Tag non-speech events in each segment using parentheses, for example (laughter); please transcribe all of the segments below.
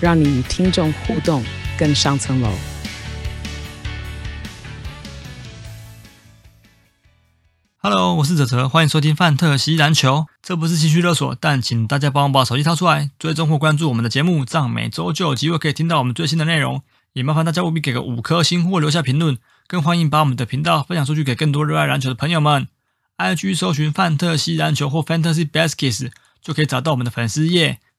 讓你與聽眾互動更上層樓。Hello，我是哲哲，歡迎收聽《范特西籃球》。這不是情緒勒索，但請大家幫我把手機掏出來，追蹤或關注我們的節目，這樣每周就有機會可以聽到我們最新的內容。也麻煩大家務必給個五顆星或留下評論，更歡迎把我們的頻道分享出去給更多熱愛籃球的朋友們。I G 搜尋“范特西籃球”或 “Fantasy Baskets” 就可以找到我們的粉絲頁。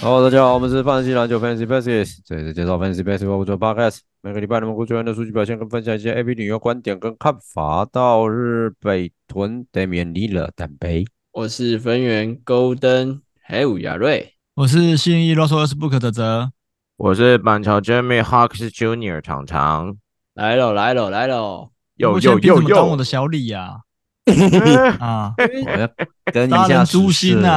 Hello 大家好，家好我們是分析籃球分析分析，s 這次介紹分析分 y f a c t b a l l podcast，每個禮拜我們會專員的數據表現，跟分享一些 A B 理由觀點跟看法。到日北屯得免離了單杯，我是分員 Golden，Hey 我 r 亞瑞，我是信義 Lostos Book 的澤，我是板橋 Jimmy Hawks Junior 長長，來了來了來了，有，有，有！又，你我的小李呀？啊，等、 (laughs) (laughs) 啊、 (laughs) 要一下朱心吶，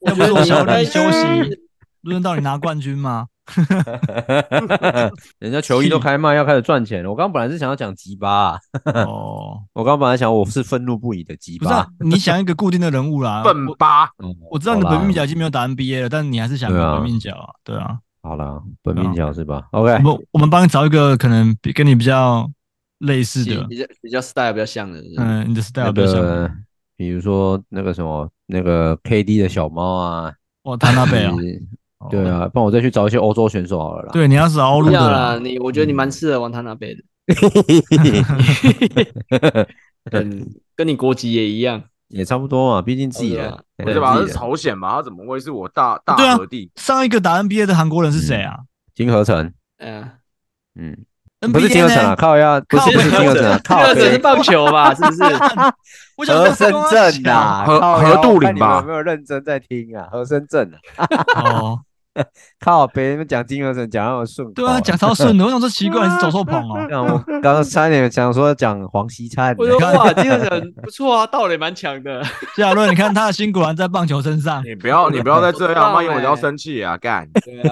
要不是我小李休息.。 (laughs) 輪到你拿冠軍嗎？ (laughs) (laughs) 人家球衣都開賣，要開始賺錢了。我剛本來是想要講吉巴，哦，我剛本來想我是憤怒不已的吉巴、啊。 (laughs) 你想一個固定的人物啦，笨巴。我，我知道你的本命角已經沒有打 NBA 了、嗯，但你還是想本命角啊？對啊。好了，本命角是吧、oh.？OK，我我們幫你找一個可能比跟你比較類似的，比較比較 style 比較像的是是。嗯，你的 style 比較像、那個，比如說那個什麼那個 KD 的小貓啊，哇，塔拉貝啊。就是 (laughs) 對啊，幫我再去找一些歐洲選手好了啦。對，你要是歐陸的啦，不要啦？你我覺得你蠻適合玩他那邊的，跟 (laughs) (laughs) 、嗯、跟你國籍也一樣，也差不多啊。畢竟自己啊、oh yeah,，我這把他是朝鮮嘛，嘛，他怎麼會是我大大和弟、啊？上一個打 NBA 的韓國人是誰啊？嗯、金河成嗯、NBA、嗯，不是金河成啊，靠一下，不是，不是金河成、啊、金河成是棒球吧？ (laughs) 是，不是，啊、是，球吧 (laughs) 是不是？和 (laughs) 深正圳啊，和和杜林吧？你有沒有認真在聽啊？和深圳。 (laughs) 靠北！別人講金河成講超順，對啊，講超順。我 (laughs) 想說奇怪，啊、還是走錯棚哦。剛剛差一點講說講黃西燦，你看金河成不錯啊，道理蠻強的。夏 (laughs) 洛，你看他的心果然在棒球身上。你不要，你不要再這樣，萬一我就要生氣啊，幹。對，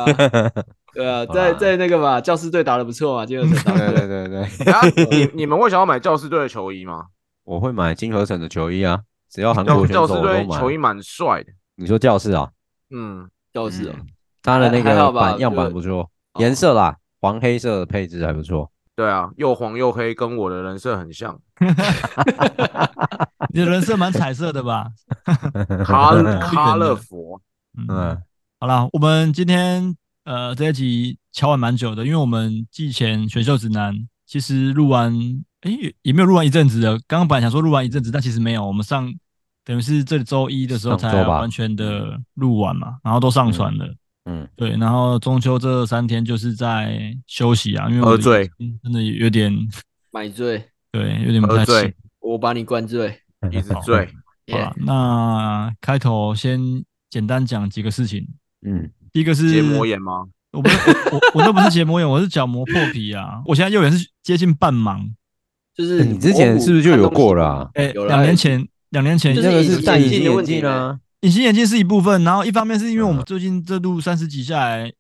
對啊，對啊，在在那個吧，教士隊打的不錯啊，金河成。對對對對。對對對 (laughs) 你你們會想要買教士隊的球衣嗎？我會買金河成的球衣啊，只要韓國的選手都買。教士隊球衣蠻帥的。你說教士啊、喔？嗯，教士啊、喔。嗯它的那個樣板樣板不錯，顏色啦、嗯，黃黑色的配置還不錯。對啊，又黃又黑，跟我的人設很像。 (laughs) (laughs) (laughs) 你的人設蠻彩色的吧？卡樂卡樂佛，嗯，好啦，我們今天呃這一集敲完蠻久的，因為我們季前選秀指南其實錄完，哎、欸，也沒有錄完一陣子的。剛剛本來想說錄完一陣子，但其實沒有，我們上等於是這周一的時候才完全的錄完嘛，然後都上傳了。嗯嗯，對，然後中秋這三天就是在休息啊，因為我醉，真的有點買醉，對，有點不太醉，我把你灌醉，一直醉。好，yeah. 好，那開頭先簡單講幾個事情。嗯，第一個是結膜炎嗎？我不是，我我都不是結膜炎，我是角膜破皮啊。 (laughs) 我現在右眼是接近半盲，就是、欸、你之前、哦、是不是就有過了、啊？哎、欸，兩、欸、年前，兩年前這個、就是戴眼鏡的問題呢。就是隱形眼鏡是一部分，然後一方面是因為我們最近這錄三十集下來，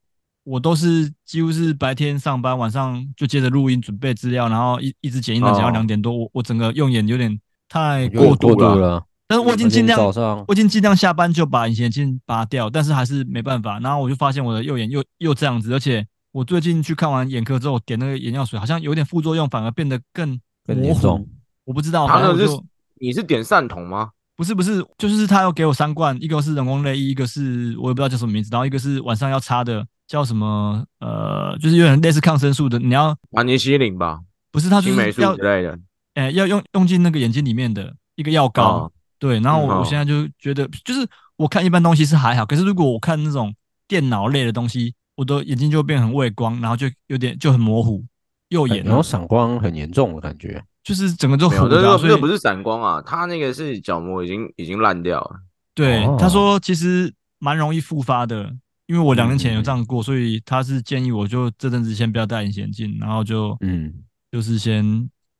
我都是幾乎是白天上班，晚上就接着錄音準備資料，然後一一直剪音到剪到兩點多，啊，我我整個用眼有點太過度了。但是我已經盡量，我已經盡量下班就把隱形眼鏡拔掉，但是還是沒辦法。然後我就發現我的右眼又又這樣子，而且我最近去看完眼科之後，點那個眼藥水好像有點副作用，反而變得更更模糊。我不知道，他就是你是點散瞳嗎？不是不是，就是他要給我三罐，一個是人工淚液，一個是我也不知道叫什麼名字，然後一個是晚上要擦的，叫什麼？呃，就是有點類似抗生素的，你要盤尼西林吧？不是，它是青霉素之類的。欸、要用用進那個眼睛裡面的一個藥膏、哦。對，然後我,我現在就覺得、嗯哦，就是我看一般東西是還好，可是如果我看那種電腦類的東西，我的眼睛就會變成畏光，然後就有點就很模糊，右眼然後散光很嚴重的感覺。就是整個都的藥水，這個這個、不是散光啊，他那個是角膜已經已經爛掉了。對，哦、他說其實蠻容易復發的，因為我兩年前有這樣過嗯嗯，所以他是建議我就這陣子先不要戴隱形眼鏡，然後就嗯，就是先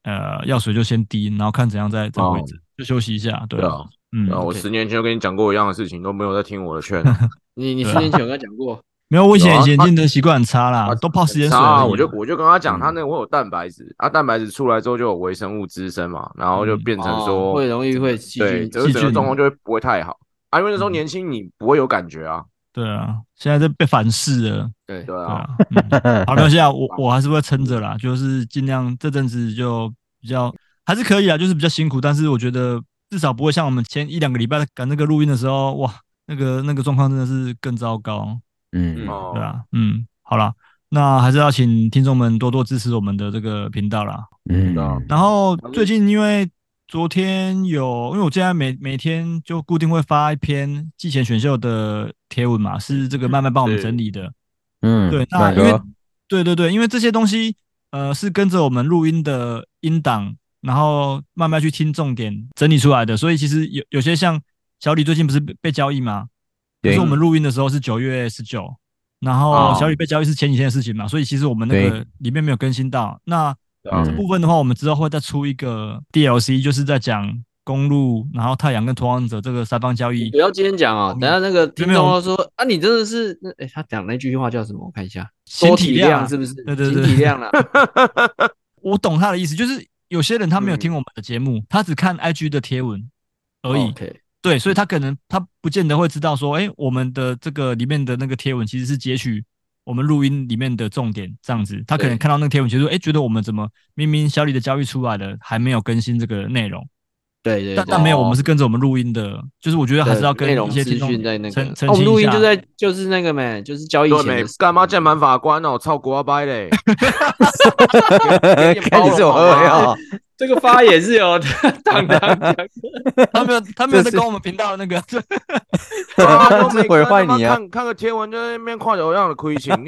呃藥水就先滴，然後看怎樣再怎位置。就休息一下。對啊，嗯對、okay，我十年前就跟你講過一樣的事情，都沒有在聽我的勸。 (laughs) 你你十年前有跟他講過。 (laughs) 沒有危險、啊，眼鏡的習慣很差啦，都泡時間水、啊、我就我就跟他講，他那個我有蛋白質啊，嗯、他蛋白質出來之後就有微生物滋生嘛，然後就變成說、嗯哦、會容易會細菌對，就是這個狀況就會不會太好啊。因為那時候年輕，你不會有感覺啊。對啊，現在就被反噬了。對對啊，對啊嗯、 (laughs) 好，那現在我我還是會撐着啦，就是盡量這陣子就比較還是可以啊，就是比較辛苦，但是我覺得至少不會像我們前一兩個禮拜趕那個錄音的時候，哇，那個那個狀況真的是更糟糕。嗯，嗯，對啊，哦、嗯，好啦，那還是要請聽眾們多多支持我們的這個頻道啦。嗯，然後最近因為昨天有，因為我現在每每天就固定會發一篇季前選秀的貼文嘛，是這個慢慢幫我們整理的。嗯，對嗯，那因為、啊、對對對，因為這些東西呃是跟着我們錄音的音檔，然後慢慢去聽重點整理出來的，所以其實有有些像小李最近不是被交易嗎？比如說我們錄音的時候是九月十九，然後小雨被交易是前幾天的事情嘛、哦，所以其實我們那個裡面沒有更新到。那這部分的話，我們之後會再出一個 DLC，就是在講公鹿，然後太陽跟拓荒者這個三方交易。不要今天講啊，等下那個聽眾說啊，你真的是那哎、欸，他講那句話叫什麼？我看一下，先體諒是不是？對對對體、啊，體諒了。我懂他的意思，就是有些人他沒有聽我們的節目、嗯，他只看 IG 的貼文而已。哦 okay 對，所以他可能他不見得會知道說，誒，我們的這個裡面的那個貼文其實是截取我們錄音裡面的重點這樣子。他可能看到那個貼文，其實說，誒，覺得我們怎麼明明小李的交易出來了，還沒有更新這個內容。.對對，對，但但沒有，我們是跟着我們錄音的，就是我覺得還是要跟內容資訊在那個、哦。我們錄音就在就是那個沒，就是交易前幹嘛鍵盤法官哦、喔，操 (laughs) 國外掰嘞，開 (laughs) 始 (laughs) (laughs) (laughs) 我啊、喔， (laughs) 這個發言是有，當當 (laughs) 他沒有，他沒有他沒有跟我們頻道的那個， (laughs) 啊、他都沒 (laughs) 他毀壞你、啊、他看，看看個貼文就那邊看着我讓你虧錢，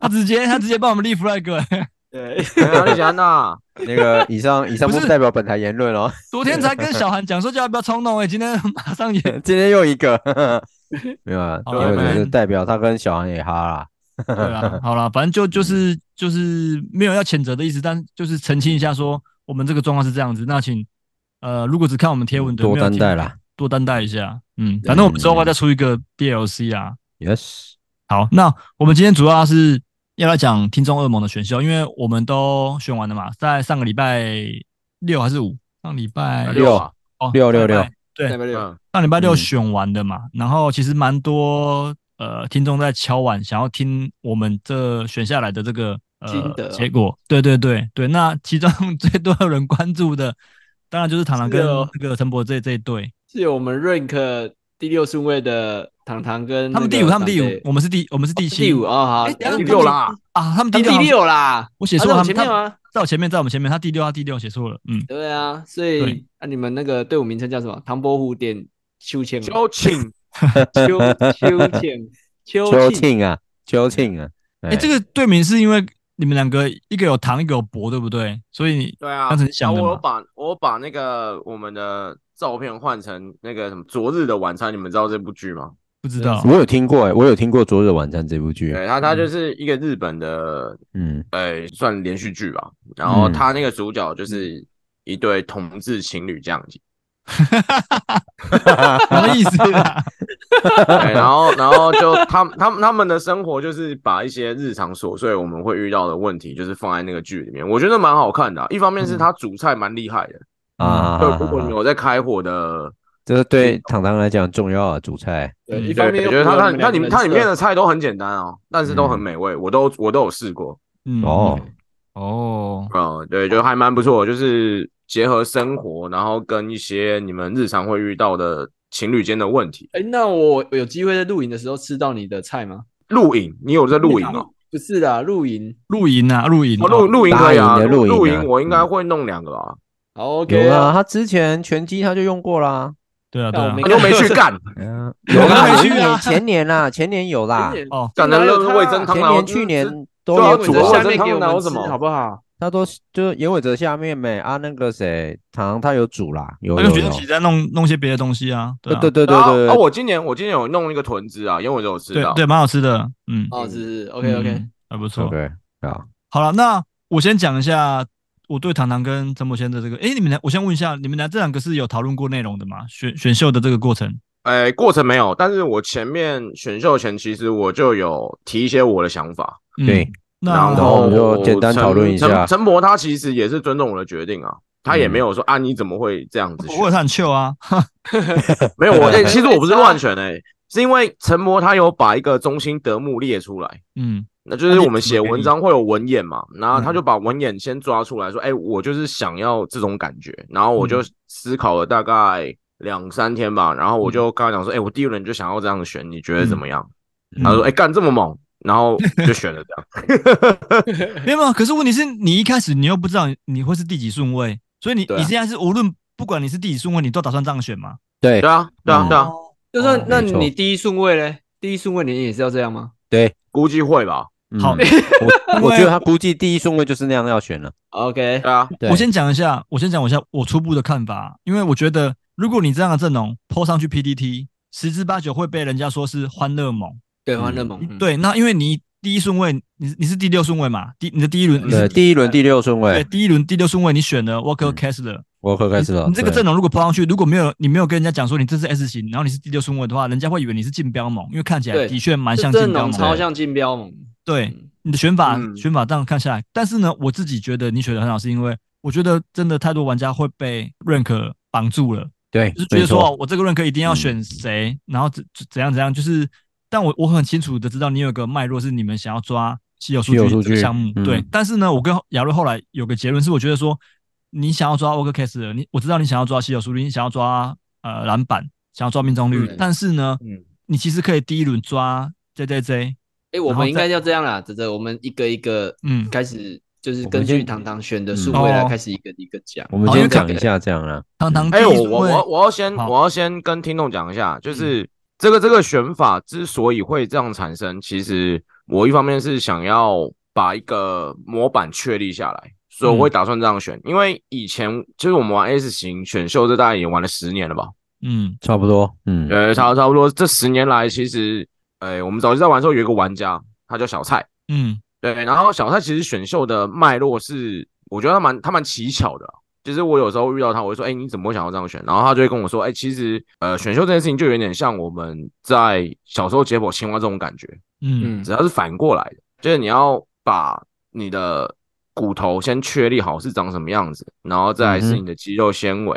他直接他直接幫我們立 flag。 (laughs) 對，不然吶，那個以上以上不是代表本台言論哦。昨天才跟小韓講說叫他不要衝動哎、欸， (laughs) 今天馬上也， (laughs) 今天又一個， (laughs) 沒有啊啦，就是代表他跟小韓也哈啦。對啊，好了，反正就就是就是沒有要譴責的意思， (laughs) 但就是澄清一下說我們這個狀況是這樣子。那請呃，如果只看我們貼文的，多擔待啦，多擔待一下。嗯，反正我們之後會再出一個 BLC 啊、嗯。Yes，好，那我們今天主要是。要來講聽眾二盟的選秀，因為我們都選完了嘛，在上個禮拜六還是五？上禮拜六,六啊？哦，六六六，六六對，六六上禮拜六選完的嘛、嗯。然後其實蠻多呃聽眾在敲碗，想要聽我們這選下來的這個呃結果。對對對對，那其中最多人關注的，當然就是堂堂跟這個陳博這這一對，是有我們 rank 第六順位的。堂堂跟、那個、他們第五，他們第五，我們是第我們是第七，哦、第五啊、哦欸，第六啦啊他六，他們第六啦，我寫錯、啊。在我們前面嗎？在我前面，在我們前面，他第六他第六寫錯了，嗯，對啊，所以啊，你們那個隊伍名稱叫什麼？唐伯虎點秋千。秋千，秋 (laughs) 秋千，秋千啊，秋千啊，哎、啊欸，這個隊名是因為你們兩個一個有唐，一個有伯，對不對？所以你剛剛對啊，我把我把我把那個我們的照片換成那個什麼昨日的晚餐，你們知道這部劇嗎？不知道，我有聽過哎、欸，我有聽過《昨日晚餐》這部劇，對，它他就是一個日本的，嗯，哎，算連續劇吧。然後他那個主角就是一對同志情侶這樣子，什麼意思？ (laughs) (laughs) 然後然後就他他們他，他，他們的生活就是把一些日常瑣碎我們會遇到的問題，就是放在那個劇裡面，我覺得蠻好看的、啊。一方面是他煮菜蠻厲害的嗯嗯啊，就如果你有在開火的。這是對堂堂來講重要的主菜。對，一方面我覺得他他他裡面他裡面的菜都很簡單哦、喔，但是都很美味。嗯、我都我都有試過嗯。嗯，哦，哦，啊，對，哦、就還蠻不錯。就是結合生活，然後跟一些你們日常會遇到的情侶間的問題。誒、欸、那我有機會在露營的時候吃到你的菜嗎？露營，你有在露營哦、喔？不是的，露營露營啊，露營、哦、露露營可以啊，露營露營我應該會弄兩個吧。嗯、OK 啊，他之前拳擊他就用過啦。對啊，對，啊啊對啊，都都沒去幹。嗯、 (laughs) 啊，有沒去？前年啦、啊，前年有啦。哦，講的又是味噌。前年、去年，去年都。有煮的下面有東麼好不好？他都就是顏偉哲下面唄啊，那個誰，糖他有煮啦，有有有。他就自己在弄弄些別的東西啊。對啊、哦、對，對，對，對，對，對，對對對對。啊，我今年我今年有弄一個豚汁啊，因為我有吃的。對對，蠻好吃的。嗯，好、哦、吃。OK OK，還不錯。對、okay, 對。好了，那我先講一下。我對堂堂跟陳柏賢的這個，哎，你們倆，我先問一下，你們倆這兩個是有討論過內容的嗎？選選秀的這個過程？哎、欸，過程沒有，但是我前面選秀前，其實我就有提一些我的想法、嗯，對，然後我們就簡單討論一下。陳陳柏他其實也是尊重我的決定啊，他也沒有說啊，你怎麼會這樣子選、嗯？我有很秀啊 (laughs) ， (laughs) 沒有，我、欸、其實我不是亂選哎、欸。 (laughs) 是因為陳魔他有把一個中心德目列出來，嗯，那就是我們寫文章會有文眼嘛、嗯，然後他就把文眼先抓出來說，哎、嗯欸，我就是想要這種感覺，然後我就思考了大概兩三天吧，然後我就跟他講說，哎、嗯欸，我第一輪就想要這樣選，你覺得怎麼樣？嗯嗯、他說，哎、欸，幹這麼猛，然後就選了這樣。 (laughs) (laughs) 沒，有沒有，可是問題是你一開始你又不知道你會是第幾順位，所以你、啊、你現在是無論不管你是第幾順位，你都打算這樣選嗎？對，對啊，對啊，對啊。就算、哦、那你，你第一順位嘞，第一順位你也是要這樣嗎？對，估計會吧。好、嗯， (laughs) 我覺得他估計第一順位就是那樣要選了。 (laughs) OK，對啊對，我先講一下，我先講一下我初步的看法，因為我覺得如果你這樣的陣容 PO 上去 PDT，十之八九會被人家說是歡樂盟。對，嗯、歡樂盟、嗯。對，那因為你。第一順位，你你是第六順位嘛？第你的第一輪，是第一輪第六順位，對，第一輪第六順位，第一第六位你選了 Walker Kessler，Walker Kessler、嗯、你，你這個陣容如果拋上去，如果沒有你沒有跟人家講說你這是 S 型，然後你是第六順位的話，人家會以為你是競標盟，因為看起來的確蠻像競標盟，陣容超像競標盟。對，對、嗯，你的選法、嗯、選法這樣看下來，但是呢，我自己覺得你選的很好，是因為我覺得真的太多玩家會被 rank 綁住了，對，就是覺得說我這個 rank 一定要選誰、嗯，然後怎怎樣怎樣，就是。但我我很清楚的知道，你有一個脈絡是你們想要抓稀有數據這個項目、嗯，對。但是呢，我跟亞瑞後來有個結論是，我覺得說，你想要抓 Walker Kessler，你我知道你想要抓稀有數據，你想要抓呃籃板，想要抓命中率，但是呢、嗯，你其實可以第一輪抓 J J J。哎，我們應該要這樣啦，哲哲，我們一個一個嗯開始，就是根據堂堂選的數位來開始一個一個講。我們先講、嗯哦、一下這樣啦。堂、嗯、堂，哎、欸，我我我要先我要先跟聽眾講一下，就是。嗯這個這個選法之所以會這樣產生，其實我一方面是想要把一個模板確立下來，所以我會打算這樣選。嗯、因為以前就是我們玩 S 型選秀，這大概也玩了十年了吧？嗯，差不多。嗯，呃，差差不多這十年來，其實，誒、哎、我們早期在玩的時候，有一個玩家，他叫小蔡。嗯，對。然後小蔡其實選秀的脈絡是，我覺得他蠻他蠻奇巧的、啊。其實我有時候遇到他，我會說：“哎、欸，你怎麼會想要這樣選？”然後他就會跟我說：“哎、欸，其實，呃，選秀這件事情就有點像我們在小時候解剖青蛙這種感覺，嗯，只要是反過來的，就是你要把你的骨頭先確立好是長什麼樣子，然後再是你的肌肉纖維，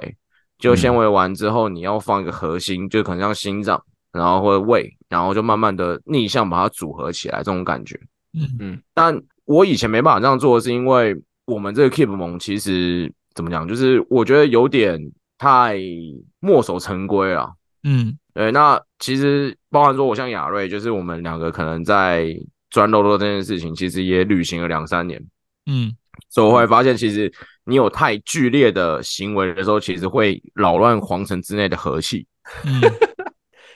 就、嗯、肌肉纖維完之後，你要放一個核心、嗯，就可能像心臟，然後或者胃，然後就慢慢的逆向把它組合起來，這種感覺，嗯嗯。但我以前沒辦法這樣做，是因為我們這個 Keep 盟其實。怎麼講？就是我覺得有點太墨守成規了。嗯，對。那其實包含說，我像雅瑞，就是我們兩個可能在鑽漏洞這件事情，其實也旅行了兩三年。嗯，所以我會發現，其實你有太劇烈的行為的時候，其實會擾亂皇城之內的和氣。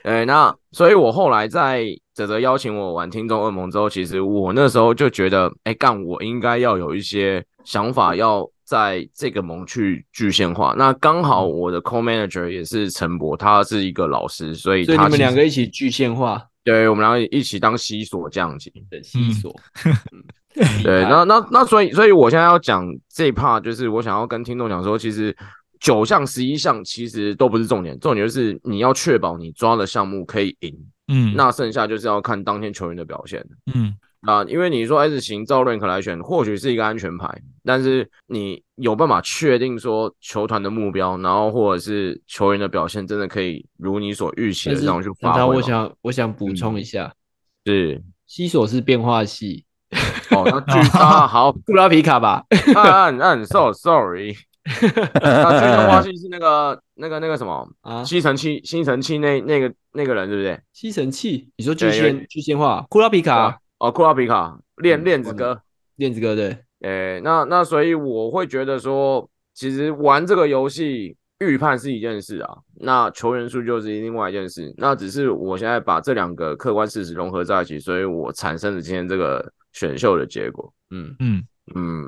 哎、嗯， (laughs) 那所以，我後來在哲哲邀請我玩聽眾二盟之後，其實我那時候就覺得，哎、欸，幹，我應該要有一些想法要。在這個盟去具現化，那剛好我的 co manager 也是陳博，他是一個老師，所以他所以你們兩個一起具現化，對，我們兩個一起當西索這樣子對西索、嗯，對，那那那所以所以我現在要講這一 part 就是我想要跟聽眾講說，其實九項十一項其實都不是重點，重點就是你要確保你抓的項目可以贏，嗯，那剩下就是要看當天球員的表現，嗯。啊、呃，因為你說 S 型照 Rank 來選，或許是一個安全牌，但是你有辦法確定說球團的目標，然後或者是球員的表現，真的可以如你所預期的那種去發展。那我想我想補充一下，嗯、是西索是變化系，哦，那巨鯊、 (laughs) 啊、好，庫 (laughs) 拉皮卡吧，按按按，so sorry， (laughs) (laughs) (laughs) (laughs) 啊 (laughs) 啊、那,那個變化系是那個那個那個什麼吸塵器吸塵器那那個那個人對不對？吸塵器，你說具現具現化庫拉皮卡。啊啊、哦，庫拉皮卡練鏈、嗯、子哥，鏈子哥對，誒，那那所以我會覺得說，其實玩這個遊戲預判是一件事啊，那球員數就是另外一件事，那只是我現在把這兩個客觀事實融合在一起，所以我產生了今天這個選秀的結果。嗯嗯嗯。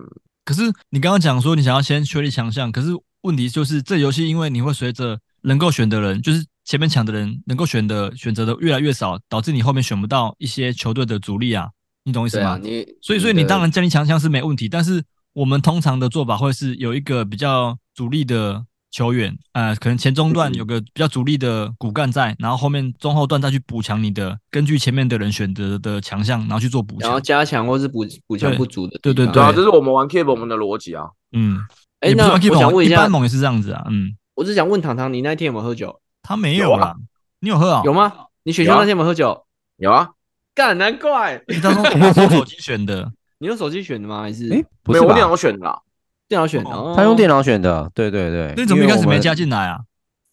可是你剛剛講說你想要先確立強項，可是問題就是這遊戲因為你會隨着能夠選的人就是。前面搶的人能夠選的，選擇的越來越少，導致你後面選不到一些球隊的主力啊，你懂意思嗎？啊、你所以你所以你當然建立強項是沒問題，但是我們通常的做法會是有一個比較主力的球員，呃，可能前中段有個比較主力的骨幹在、嗯，然後後面中後段再去補強你的，根據前面的人選擇的強項，然後去做補強，然後加強或是補補強不足的。對對對，對，啊，這是我們玩 KBO 我們的邏輯啊，嗯，哎、欸，那玩 keyboard, 我想問一下，一般盟也是這樣子啊，嗯，我只是想問堂堂，你那天有沒有喝酒？他沒有，有啊，你有喝啊？有嗎？你選秀那天有沒喝酒？有、啊？有啊，幹，難怪你當初用手機選的， (laughs) 你用手機選的嗎？還是？哎、欸，沒有電、啊，電腦選的，電腦選的。他用電腦選的，對對對。你怎麼一開始沒加進來啊？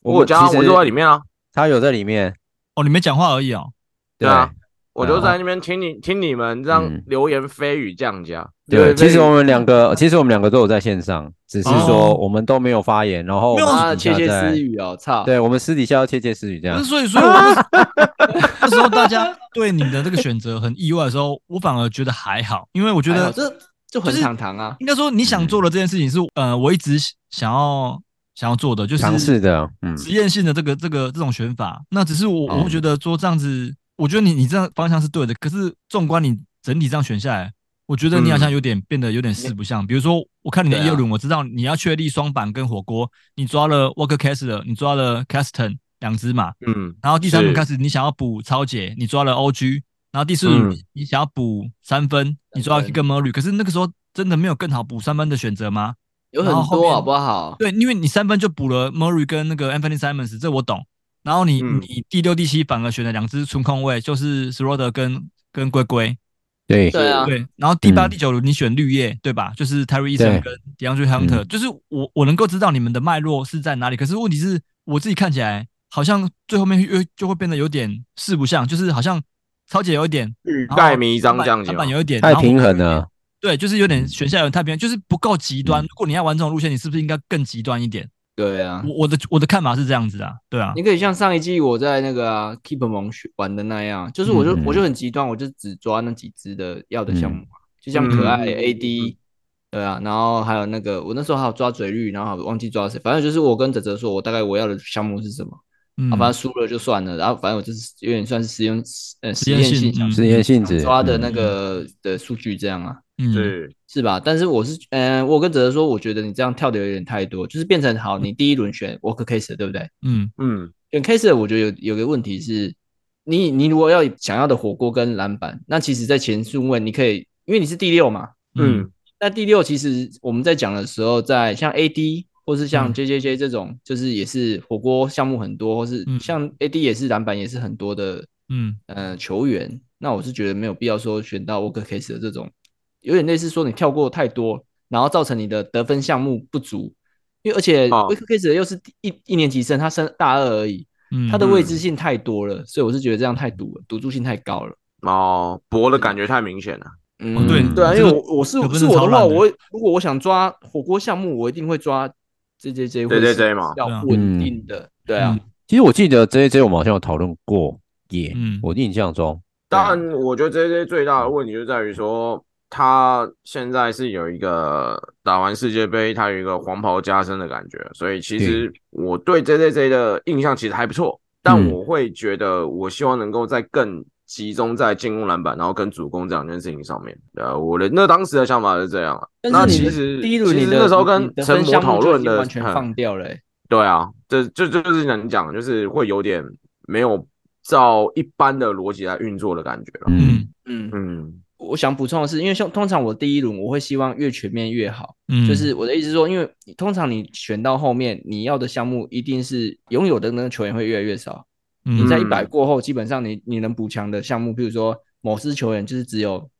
我加，我坐在裡面啊。他有在裡面。哦，你沒講話而已哦。對啊，我就在那邊聽你聽你們這樣流言蜚語這樣講。嗯對，yeah, 其實我們兩個，yeah, 其實我們兩個都有在線上，yeah, 只是說我們都沒有發言，啊哦、然後竊竊 (laughs) 私語哦，操！對，我們私底下要竊竊私語這樣。是所以我、就是，所以那時候大家對你的這個選擇很意外的時候，我反而覺得還好，因為我覺得這這很正常啊。就是、應該說你想做的這件事情是，呃，我一直想要想要做的，就是嘗試的，嗯，實驗性的這個這個這種選法。那只是我、哦、我覺得說這樣子，我覺得你你這樣方向是對的，可是縱觀你整體這樣選下來。我覺得你好像有點變得有點四不像。嗯、比如說，我看你的第二輪，我知道你要確立雙板跟火鍋，你抓了 Walker c a s e 你抓了 Caston 兩只嘛、嗯。然後第三輪開始，你想要補超姐，你抓了 OG。然後第四輪、嗯、你想要補三,三分，你抓了個 Murray。可是那個時候真的沒有更好補三分的選擇嗎？有很多好、啊、不好？對，因為你三分就補了 Murray 跟那個 Anthony Simons，這我懂。然後你、嗯、你第六第七反而選了兩只純空位，就是 s r o e d e r 跟跟龜龜。對、啊、對，然後第八、第九輪你選綠葉，嗯、對吧？就是 Tari Eason 跟 De'Andre Hunter，、嗯、就是我我能夠知道你們的脈絡是在哪裡。可是問題是，我自己看起來好像最後面又就，就會變得有點四不像，就是好像超級有一點欲蓋彌彰這樣子，有一點太平衡了。對，就是有點選項有點太平衡，就是不夠極端。嗯、如果你要玩這種路線，你是不是應該更極端一點？對啊，我我的我的看法是這樣子啊，對啊，你可以像上一季我在那個、啊、Keep 萌學玩的那樣，就是我就、嗯、我就很極端，我就只抓那幾隻的、嗯、要的項目、啊、就像可愛 AD，、嗯、對啊，然後還有那個我那時候還有抓嘴綠，然後忘記抓誰，反正就是我跟哲哲說，我大概我要的項目是什麼。好吧，輸了就算了，嗯。然後反正我就是有點算是實驗，呃，實驗性，實驗性質，驗性質、嗯、抓的那個的數據這樣啊，嗯、對，是吧？但是我是，嗯、呃，我跟堂堂說，我覺得你這樣跳的有點太多，就是變成好，你第一輪選 Walker Kessler，對不對？嗯嗯，選、嗯、Kessler 我覺得有有個問題是，你你如果要想要的火鍋跟籃板，那其實在前順位你可以，因為你是第六嘛，嗯，那、嗯、第六其實我們在講的時候，在像 AD。或是像 J J J 這種、嗯，就是也是火鍋項目很多，或是像 A D 也是籃、嗯、板也是很多的，嗯呃球員，那我是覺得沒有必要說選到 Walker Kessler 的這種，有點類似說你跳過太多，然後造成你的得分項目不足，因為而且 Walker Kessler 的又是一、哦、一年級生，他升大二而已，他的未知性太多了、嗯，所以我是覺得這樣太賭了，賭注性太高了。哦，博的感覺太明顯了，對嗯對嗯對啊，因為我是我是，是我的話我，我如果我想抓火鍋項目，我一定會抓。J J J 嘛，要穩定的，對啊。其實我記得 JJJ 我們好像有討論過耶，我印象中。但我覺得 JJJ 最大的問題就在於說，他現在是有一個打完世界杯，他有一個黃袍加身的感覺。所以其實我對 JJJ 的印象其實還不錯，但我會覺得，我希望能夠再更，集中在進攻籃板，然後跟主攻這兩件事情上面。呃、啊，我的那當時的想法是這樣。你那其實，第一輪你那個時候跟陳摩討論的，的完全放掉了、欸嗯。對啊，這、這、這就是能講，就是會有點沒有照一般的邏輯來運作的感覺了。嗯嗯嗯。我想補充的是，因為像通常我第一輪我會希望越全面越好。嗯。就是我的意思是說，因為通常你選到後面，你要的項目一定是擁有的那個球員會越來越少。你在一百過後，基本上你你能補強的項目，比、嗯、如說某支球員，就是只有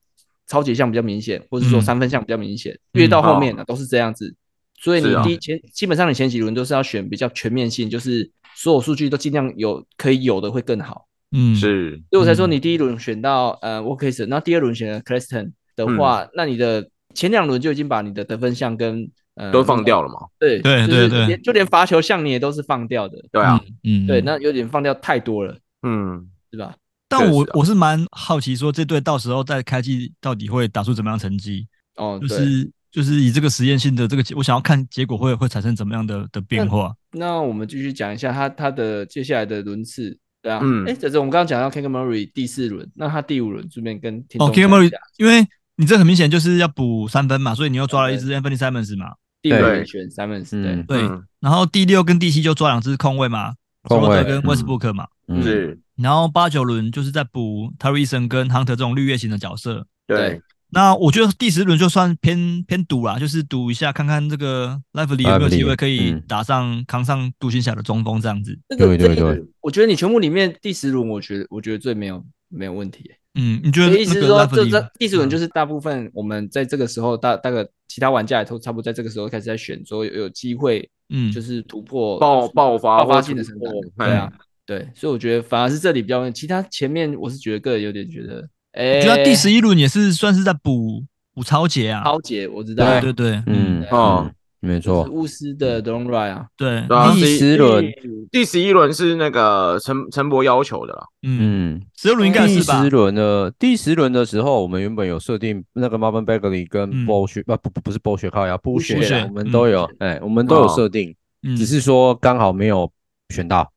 超級項比較明顯，或者說三分項比較明顯。越、嗯、到後面呢、啊嗯，都是這樣子。所以你第一、啊、前基本上你前幾輪都是要選比較全面性，就是所有數據都盡量有可以有的會更好。嗯，是。所以我才說你第一輪選到、嗯、呃 Walker Kessler 那第二輪選了 Claxton 的話、嗯，那你的前兩輪就已經把你的得分項跟都放掉了嘛、嗯。對對對對，就連罰球項你也都是放掉的。對啊對嗯，嗯，對，那有點放掉太多了，嗯，是吧？但我我是蠻好奇，說這隊到時候在開季到底會打出怎麼樣成績？哦，就是就是以這個實驗性的這個，我想要看結果會會產生怎麼樣的的變化那。那我們繼續講一下他他的接下來的輪次，對啊，嗯，哎，這是我們剛剛講到 Keegan Murray 第四輪，那他第五輪順便跟哦 Keegan Murray，因為你這很明顯就是要補三分嘛，所以你又抓了一支 Anfernee Simons 嘛。對，選 s e v n 對、嗯，然後第六跟第七就抓兩隻空位嘛 Hunter 跟 Westbrook 嘛，對、嗯嗯嗯，然後八九輪就是在補 Terrison 跟 Hunter 這種綠葉型的角色對對。對，那我覺得第十輪就算偏偏賭啦，就是賭一下看看這個 Lively 有沒有機會可以打上、嗯、扛上獨行俠的中鋒這樣子。對對對，對、這個，我覺得你全部裡面第十輪，我覺得我覺得最沒有沒有問題。嗯，你覺得、欸？你的意思是說這這第十輪就是大部分我們在這個時候大，大大概其他玩家也都差不多在這個時候開始在選，所以有機會，嗯，就是突破、嗯、爆爆發爆發性的成長、嗯，對啊，對。所以我覺得反而是這裡比較，其他前面我是覺得個人有點覺得，誒、欸、主第十一輪也是算是在補補抄截啊，抄截我知道，對對對，對對對嗯哦。沒錯，巫師的 Don't Right 啊，啊、對，第十輪、嗯，第十一輪是那個陳陳博要求的啦，嗯，十輪應該，第十輪的第十輪的時候，我們原本有設定那個 Marvin Bagley 跟博學、嗯啊，不不不是博學靠壓，博學我們都有，哎、欸，我們都有設定，只是說剛好沒有選到，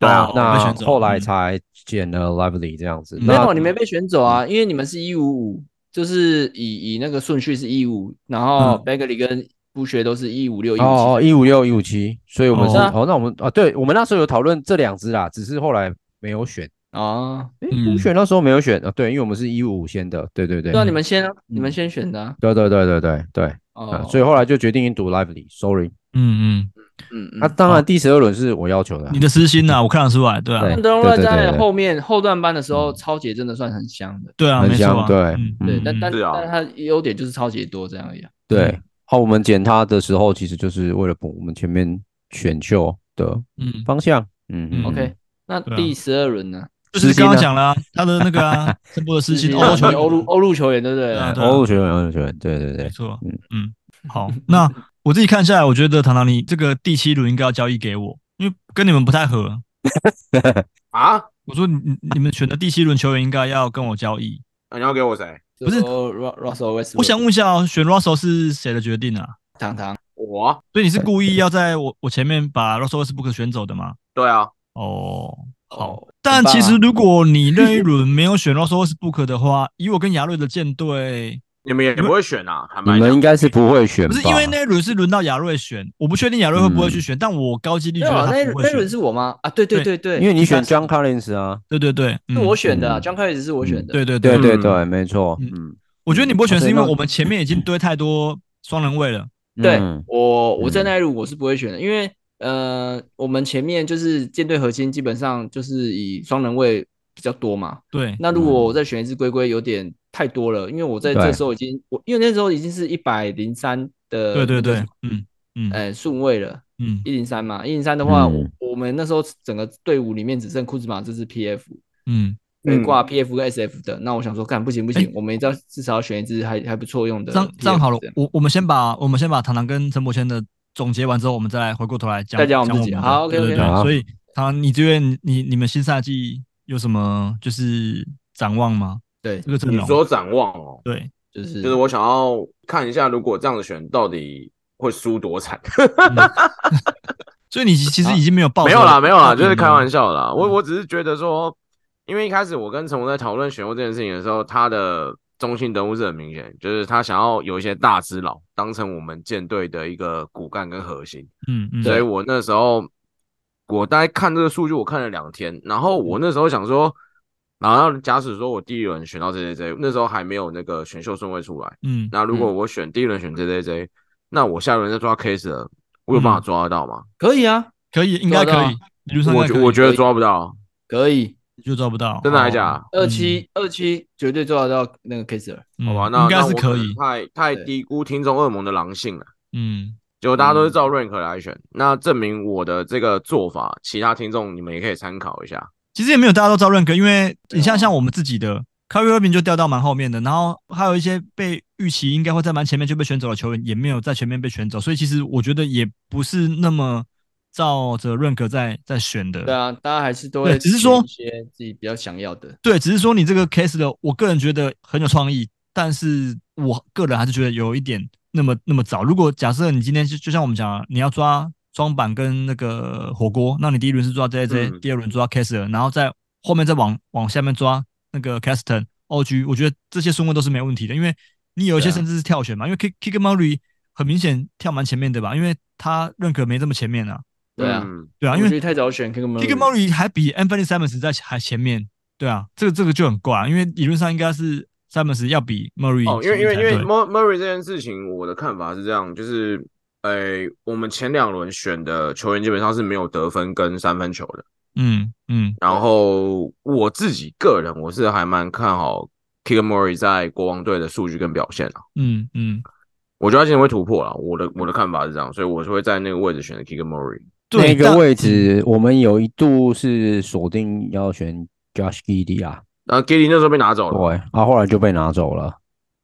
對啊，那後來才撿了 Lively 這樣子，這樣子，沒有，你沒被選走啊，因為你們是一五五，就是以以那個順序是一五，然後 Bagley、嗯、跟不學都是一五六一五七，一五六一五七，所以我們是、oh. 哦，那我們啊，對我們那時候有討論這兩隻啦，只是後來沒有選啊。哎、oh. 欸，不選那時候沒有選、mm. 啊，對，因為我們是一五五先的，對對對。那、啊、你們先、嗯、你們先選的、啊。對對對對對對，哦、oh. 啊，所以後來就決定賭 Lively sorry，嗯嗯嗯，那當然第十二輪是我要求的、啊，你的私心吶、啊，我看得出來，對啊。對對，在後面後段班的時候，抄、嗯、截真的算很香的，對啊，很香，啊、對、嗯、對，但但但他優點就是抄截多這樣一樣、啊，對。好我們撿他的時候，其實就是為了補我們前面選秀的嗯方向，嗯嗯。OK，嗯，那第十二輪呢、啊？就是剛剛講了、啊，他的那個聖波的斯基歐洲、歐陸、歐陸球、球、啊啊、球員，對不對？歐陸球員，歐陸球員，對對對，對，沒錯。嗯 (laughs) 嗯。好，那我自己看下來，我覺得堂堂，你這個第七輪應該要交易給我，因為跟你們不太合。啊？ (laughs) 我說你你們選的第七輪球員應該要跟我交易，啊、你要給我誰？不是、oh, Russell Westbrook。我想問一下、哦、選 Russell 是誰的決定啊？堂堂。我。所以你是故意要在我我前面把 Russell Westbrook 選走的嗎？對啊。哦，好。但其實如果你那一輪沒有選 Russell Westbrook 的話， (laughs) 以我跟亞瑞的艦隊。你們也不會選啊？你們應該是不會選，不是因為那一輪是輪到亞瑞選，我不確定亞瑞會不會去選，嗯、但我高幾率覺得他不會選。那那一輪是我嗎？啊，對對對對，因為你選 John Collins 啊，對對對，嗯、是我選的、啊嗯、，John Collins 是我選的，對對對對、嗯、對，對，對，嗯、沒錯、嗯。嗯，我覺得你不會選，是因為我們前面已經堆太多雙人位了。對我，我在那一輪我是不會選的，因為呃，我們前面就是艦隊核心基本上就是以雙人位比較多嘛。對，那如果我再選一隻龜龜，有點。太多了，因為我在這時候已經，我因為那時候已經是一百零三的，對對對，嗯嗯，誒，順位了，嗯，一零三嘛，一零三的話，嗯、我我們那時候整個隊伍裡面只剩庫茲馬這支 PF，嗯，沒掛 PF 跟 SF 的，嗯、那我想說，看，不行不行，欸、我們一定要至少要選一支還還不錯用的。這樣這樣好了，我我們先把我們先把堂堂跟陳柏謙的總結完之後，我們再來回過頭來講再講我們自己。好，OK OK 對對對。Okay, okay, 所以，堂堂、okay.，你這邊你你們新賽季有什麼就是展望嗎？對，你說展望哦，對，就是就是我想要看一下，如果這樣子選，到底會輸多慘。嗯。所以你其實已經沒有報沒有啦，沒有啦，嗯、就是開玩笑啦。嗯、我我只是覺得說，因為一開始我跟陳文在討論選歐這件事情的時候，他的中心人物是很明顯，就是他想要有一些大隻佬當成我們艦隊的一個骨幹跟核心。嗯嗯，所以我那時候我大概看這個數據，我看了兩天，然後我那時候想說。然後假使說我第一輪選到 JJJ，那時候還沒有那個選秀順位出來，嗯，那如果我選第一輪選 JJJ，嗯、那我下一輪再抓 Kessler，我有辦法抓得到嗎？可以啊，可以，應該可以。啊嗯嗯、可以我以我覺得抓不到，可以，可以就抓不到，真的還假？二七，二七絕對抓得到那個 Kessler，嗯、好吧？那應該是可以。太太低估聽眾二盟的狼性了，嗯，就大家都是照 rank 來選，嗯，那證明我的這個做法，其他聽眾你們也可以參考一下。其實也沒有大家都照 rank，因為你像像我們自己的、哦、Kyrie Irving 就掉到蠻後面的，然後還有一些被預期應該會在蠻前面就被選走的球員，也沒有在前面被選走，所以其實我覺得也不是那麼照着 rank 在在選的。對啊，大家還是都會只是說一些自己比較想要的對。對，只是說你這個 case 的，我個人覺得很有創意，但是我個人還是覺得有一點那麼那麼早。如果假設你今天就就像我們講，你要抓。雙板跟那個火鍋，那你第一輪是抓 J J，、嗯、第二輪抓 Castle 然後再後面再往往下面抓那個 Caston OG，我覺得這些順位都是沒問題的，因為你有一些甚至是跳選嘛，啊、因為 K Keegan Murray 很明顯跳蠻前面的吧，因為他認可沒這麼前面啊。對啊，對啊，因、嗯、為、啊、太早選 Keegan Murray, Keegan Murray 還比 Anfernee Simons 在還前面對啊，這個這個就很怪、啊，因為理論上應該是 Simons 要比 Murray 哦，因為因為因為 M Murray 這件事情，我的看法是這樣，就是。哎、欸，我們前兩輪選的球員基本上是沒有得分跟三分球的。嗯嗯，然後我自己個人，我是還蠻看好 Keegan Murray 在國王隊的數據跟表現的、啊。嗯嗯，我覺得他今天會突破啦，我的我的看法是這樣，所以我是會在那個位置選 Keegan Murray 對那，那個位置我們有一度是鎖定要選 Josh Giddey 啊，然、啊、後 Giddey 那時候被拿走了，對，然、啊、後來就被拿走了。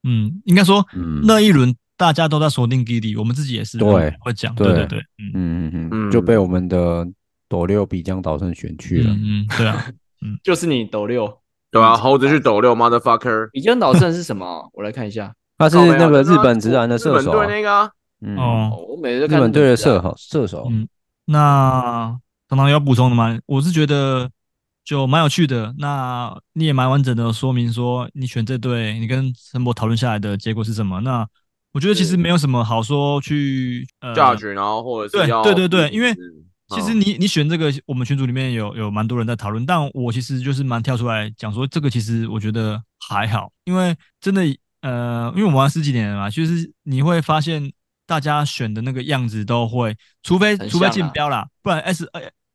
嗯，應該說、嗯、那一輪。大家都在鎖定基地，我們自己也是會講，對會講，對對對，對嗯嗯嗯，就被我們的斗六比江島慎選去了嗯，嗯，對啊，嗯，就是你斗六，斗六，對啊，猴子是斗六，motherfucker，比江島慎是什麼？ (laughs) 我來看一下，他是那個日本直男的射手、啊，那，那個、啊嗯、哦，我每次都看、啊、日本隊的射、射手、啊，嗯，那堂堂有要補充的嗎？我是覺得就蠻有趣的，那你也蠻完整的說明說，你選這隊，你跟陳伯討論下來的結果是什麼？那我覺得其實沒有什麼好說，去下去，呃、Judge, 然後或者是對對對，對因為其實你、嗯、你選這個，我們群組裡面有有蠻多人在討論，但我其實就是蠻跳出來講說，這個其實我覺得還好，因為真的呃，因為我們玩了十幾年了嘛，就是你會發現大家選的那個樣子都會，除非除非競標啦，不然 S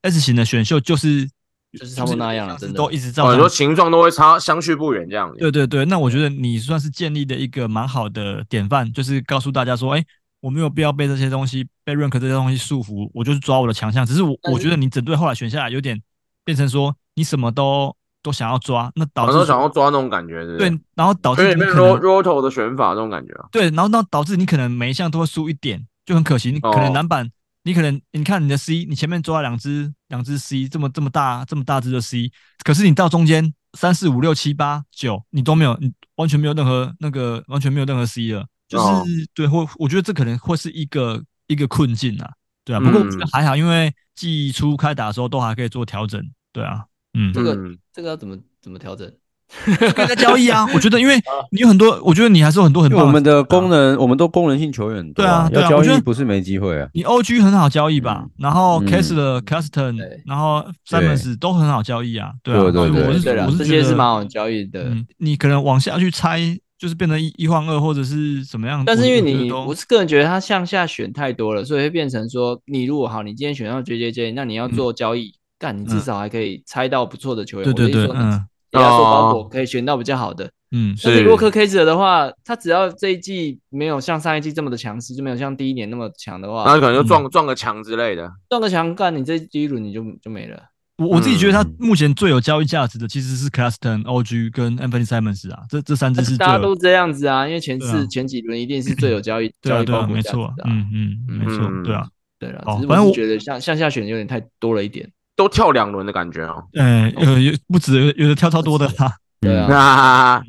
S 型的選秀就是。就是差不多那樣了，啊，的都一直照，很多，啊、形狀都會差相去不遠這樣。對對對，那我覺得你算是建立的一個蠻好的典範，就是告訴大家說，哎，我沒有必要被這些東西，被 rank 這些東西束縛，我就是抓我的強項。只是我我覺得你整隊後來選下來有點變成說你什麼都都想要抓，那導致什麼都想要抓那種感覺。對，然後導致所以變 ro roto 的選法這種感覺啊。對，然後那導，導致你可能每一項都會輸一點，就很可惜，可能籃板、哦。你可能，你看你的 C，你前面抓了兩只兩只 C，這麼這麼大這麼大只的 C，可是你到中間三四五六七八九，3, 4, 5, 6, 7, 8, 9, 你都沒有，完全沒有任何那個，完全沒有任何 C 了，就是、oh. 對，或我,我覺得這可能會是一個一個困境啊，對啊、嗯，不過還好，因為季初開打的時候都還可以做調整，對啊，嗯，這個這個要怎麼怎麼調整？跟 (laughs) 他交易啊！我覺得，因為你有很多、啊，我覺得你還是有很多很多、啊。我們的功能，我們都功能性球員、啊。對啊，交易對啊。我覺得不是沒機會啊。你 OG 很好交易吧？然後 Kessler、Kessler、然後 Simmons 都很好交易啊。對啊，對對對啊。這些是蠻好交易的、嗯。你可能往下去猜，就是變成一一換二，或者是怎麼樣。但是因為你我，我是個人覺得他向下選太多了，所以會變成說，你如果好，你今天選到 J J J，那你要做交易，但、嗯、你至少還可以猜到不錯的球員、嗯。對對對。嗯壓、yeah, 縮、oh. 包裹可以選到比較好的，嗯，所以如果克 K a s 的話，他只要這一季沒有像上一季這麼的強勢，就沒有像第一年那麼強的話，那就可能就撞，嗯、撞個牆之類的，撞個牆，幹你這第一輪你就就沒了。我我自己覺得他目前最有交易價值的其實是 c l s t o n Og 跟 Anthony s i m o n s 啊，這這三支是大家都這樣子啊，因為前四，啊、前幾輪一定是最有交易交易、 (laughs) 啊啊啊，包裹的，啊，嗯嗯，沒錯，對啊，嗯，對啊。反正我是覺得向，哦、向下選有點太多了一點。都跳兩輪的感覺哦、喔，嗯，有有不止，有有的跳超多的，啊，對啊，嗯、啊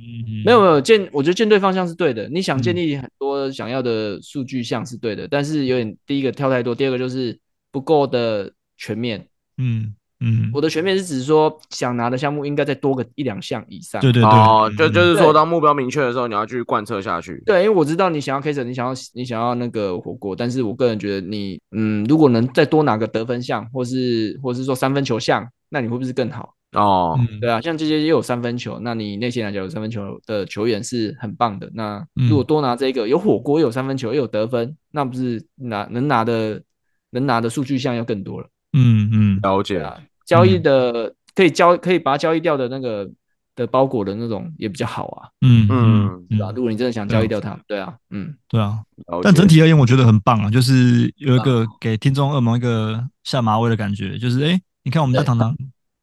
沒有沒有建，我覺得建隊方向是對的，你想建立很多想要的數據項是對的，嗯，但是有點第一個跳太多，第二個就是不夠的全面，嗯。嗯，我的全面是指說想拿的項目應該再多個一兩項以上。對對對，哦，就就是說，當目標明確的時候，你要去貫徹下去對。對，因為我知道你想要 k a s 你想要你想要那個火鍋，但是我個人覺得你，嗯，如果能再多拿個得分項，或是或是說三分球項，那你會不會是更好？哦，對啊，像這些也有三分球，那你那些籃球有三分球的球員是很棒的。那如果多拿這個，嗯、有火鍋，有三分球，又有得分，那不是拿能拿的能拿的數據項要更多了？嗯嗯、啊，了解了。交易的、嗯、可以交可以把它交易掉的那個的包裹的那種也比較好啊，嗯嗯，對吧、嗯？如果你真的想交易掉它，對啊，對啊對啊嗯，對啊。但整體而言，我覺得很棒啊，就是有一個給聽眾二盟一個下馬威的感覺，就是哎、欸，你看我們家堂堂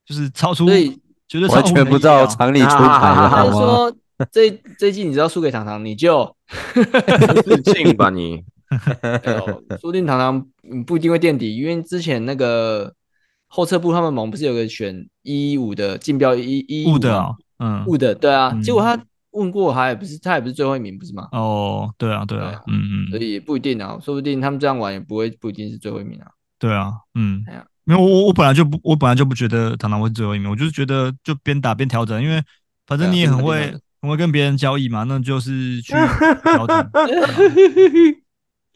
就是超出，所以覺得完全不照常理出牌。他、啊啊啊啊、說 (laughs) 這一這一季，你只要輸給堂堂，你就認命 (laughs) 吧你 (laughs) 對、哦堂堂，你。說不定堂堂不一定會墊底，因為之前那個。後撤步他們盟不是有個選一五的競標一一五的，啊，嗯，五的，對啊，嗯，結果他問過，還不是他也不是最後一名，不是嗎？哦，對啊，對啊，嗯，啊，嗯，所以也不一定啊，說不定他們這樣玩也不會不一定是最後一名啊。對啊，嗯，啊，沒有，我我本來就不，我本來就不覺得堂堂會最後一名，我就是覺得就邊打邊調整，因為反正你也很會，啊，很，很會跟別人交易嘛，那就是去調整 (laughs) 對，啊對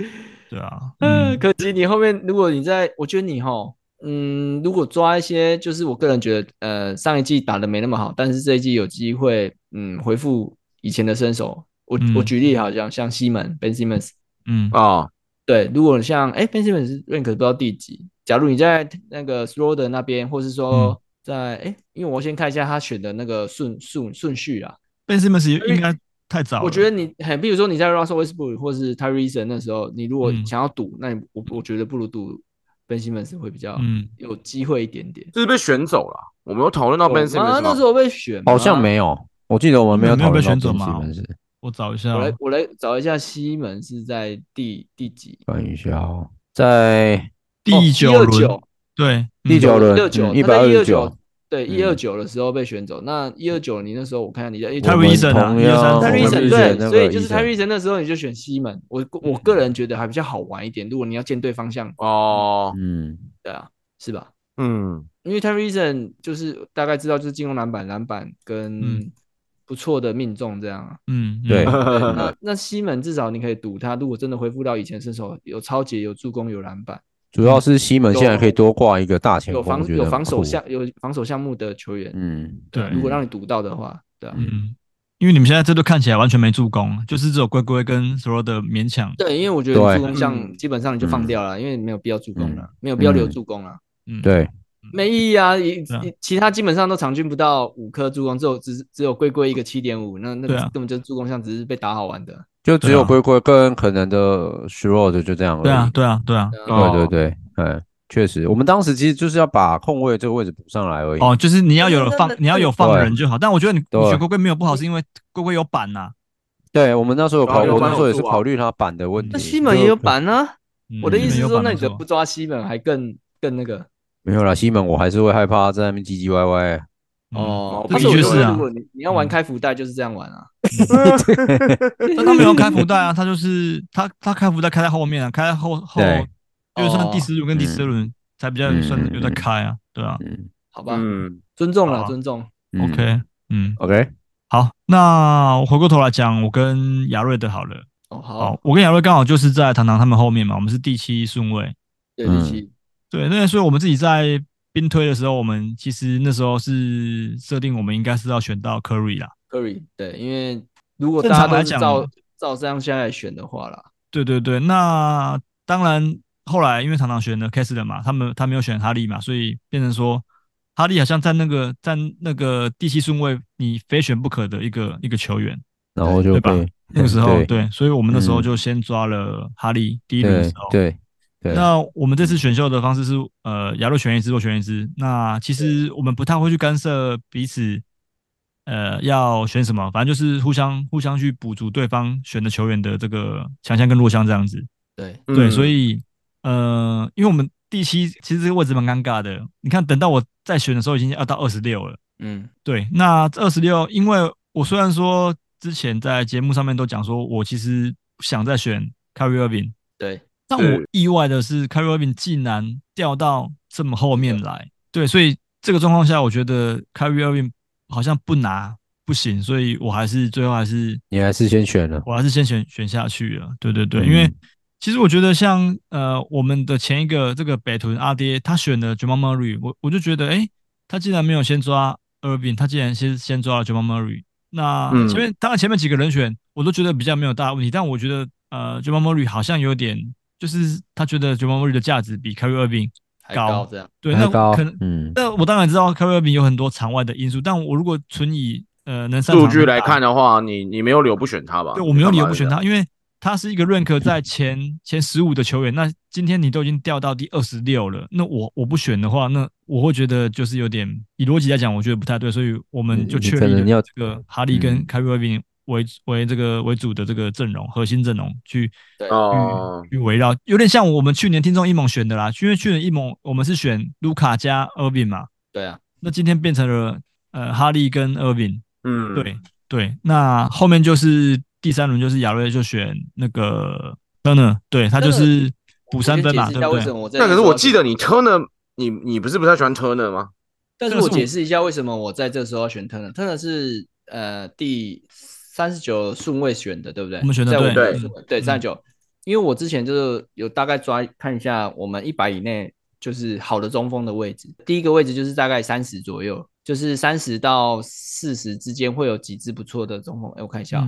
啊。對啊，嗯， (laughs) 可惜你後面如果你在，我覺得你吼。嗯，如果抓一些，就是我個人覺得，呃，上一季打得沒那麼好，但是這一季有機會，嗯，回復以前的身手。我、嗯、我舉例好像像西門，Ben Simmons，嗯，哦，對，如果像哎、欸、，Ben Simmons rank 不知道第幾，假如你在那個 Schroeder 那邊，或是說在哎、嗯欸，因為我先看一下他選的那個順順順序啊，Ben Simmons 應該太早了。我覺得你很，比如說你在 Russell Westbrook 或是 Tyrese 那時候，你如果想要賭、嗯，那你我我覺得不如賭。本西門子會比較嗯有機會一點點、嗯，這是被選走了。我們有討論到本西門嗎？那時候被選，好像沒有。我記得我們沒有討論到本西門子，我找一下、哦，我來，我來找一下西門子在第第幾？段雲霄在第九輪，哦、129，對，第九輪，一百二十九。嗯129，對，一二九的時候被選走。嗯、那一二九，你那時候我看下你的有有，泰瑞森啊，泰瑞森，對，所以就是泰瑞森那時候你就選西蒙。我我個人覺得還比較好玩一點。嗯、如果你要建隊方向，哦，嗯，對啊，是吧？嗯，因為泰瑞森就是大概知道就是進攻籃板、籃板跟不錯的命中這樣、啊。嗯，對。對，那那西蒙至少你可以賭他，如果真的恢復到以前身手，有抄截有助攻、有籃板。主要是西門現在可以多掛一個大前鋒，嗯，有防有防守項有防守項目的球員，嗯，對。如果讓你讀到的話，對，嗯，因為你們現在這都看起來完全沒助攻，就是只有龜龜跟斯羅德勉強。對，因為我覺得助攻項基本上你就放掉了，嗯，因為沒有必要助攻了，嗯、沒有必要留助攻了。嗯，對，嗯，沒意義啊，嗯。其他基本上都場均不到五顆助攻，只有只只有龜龜一個七點五，那那個，根本就是助攻項只是被打好玩的。就只有龜龜跟可能的虛弱的就這樣了。對啊，對啊，對啊，對對對對，確、嗯、實，我們當時其實就是要把控衛這個位置補上來而已。哦，就是你要有放，你要有放人就好。但我覺得你選龜龜沒有不好，是因為龜龜有板吶、啊。對，我們那時候有考、嗯，我們那時候也是考慮他板的問題。那、嗯嗯、西門也有板啊。我的意思是說，那你不抓西門還更更那個、嗯那沒？沒有啦，西門我還是會害怕在那邊唧唧歪歪。嗯、哦，的確，是啊，你要玩開福袋就是這樣玩啊、嗯嗯。但他沒有開福袋啊，他就是他他開福袋開在後面啊，開在後後，就是第十輪跟第十輪才比較算有在開啊，對啊，嗯、好吧，嗯、啊，尊重了，尊、嗯、重，OK，嗯，OK，好，那我回過頭來講，我跟亞瑞的好了，哦，好，好，我跟亞瑞剛好就是在糖糖他們後面嘛，我們是第七順位，對，第七、嗯，對，那所以我們自己在。兵推的時候，我們其實那時候是設定我們應該是要選到科瑞啦。科瑞，對，因為如果正常來講照照這樣現在選的話啦，對對對，那當然後來因為堂堂選的 Kessler 嘛，他們他沒有選哈利嘛，所以變成說哈利好像在那個在那個第七順位你非選不可的一個一個球員。然後就對吧？那個時候對，所以我們那時候就先抓了哈利第一輪的時候。對。Okay. 那我們這次選秀的方式是，呃，雅鹿選一支，若選一支。那其實我們不太會去干涉彼此，呃，要選什麼，反正就是互相互相去補足對方選的球員的這個強項跟弱項這樣子。對對、嗯，所以，呃，因為我們第七其實這個位置蠻尷尬的。你看，等到我再選的時候，已經要到二十六了。嗯，對。那這二十六，因為我雖然說之前在節目上面都講說，我其實想再選 Kyrie Irving 對。但我意外的是，Kyrie Irving 竟然掉到這麼後面來。對，所以這個狀況下，我覺得 Kyrie Irving 好像不拿不行，所以我還是最後還是你還是先選了，我還是先選選下去了。對對對、嗯，因為其實我覺得像呃我們的前一個這個北屯阿爹，他選了 Jamal Murray，我我就覺得哎、欸，他竟然沒有先抓 Irving，他竟然先先抓了 Jamal Murray。那前面當然前面幾個人選我都覺得比較沒有大問題，但我覺得呃 Jamal Murray 好像有點。就是他覺得九望五率的價值比凱瑞爾賓高，對，那可能、嗯、那我當然知道凱瑞爾賓有很多場外的因素，但我如果純以呃能上數據來看的話，你你沒有理由不選他吧？對，我沒有理由不選他，因為他是一個 rank 在前前十五的球員。 (laughs) 那今天你都已經掉到第二十六了，那我我不選的話，那我會覺得就是有點以邏輯來講，我覺得不太對，所以我們就確定這個哈利跟凱瑞爾賓。為為這個為主的這個陣容，核心陣容去對、呃、去圍繞，有點像我們去年聽眾一盟選的啦，因為去年一盟我們是選盧卡加 Irving 嘛，對啊，那今天變成了呃哈利跟 Irving，嗯，對對，那後面就是第三輪就是亞瑞就選那個 Turner，、嗯、對他就是補三分嘛，對不對？那可是我記得你 Turner，你你不是不太喜歡 Turner 嗎？但是我解釋一下為什麼我在這時候要選 Turner，Turner 是呃第。三十九順位選的，對不對？我們選的對。在我的嗯、對，三十九，因為我之前就是有大概抓看一下，我們一百以內就是好的中鋒的位置。第一個位置就是大概三十左右，就是三十到四十之間會有幾支不錯的中鋒。哎、欸，我看一下，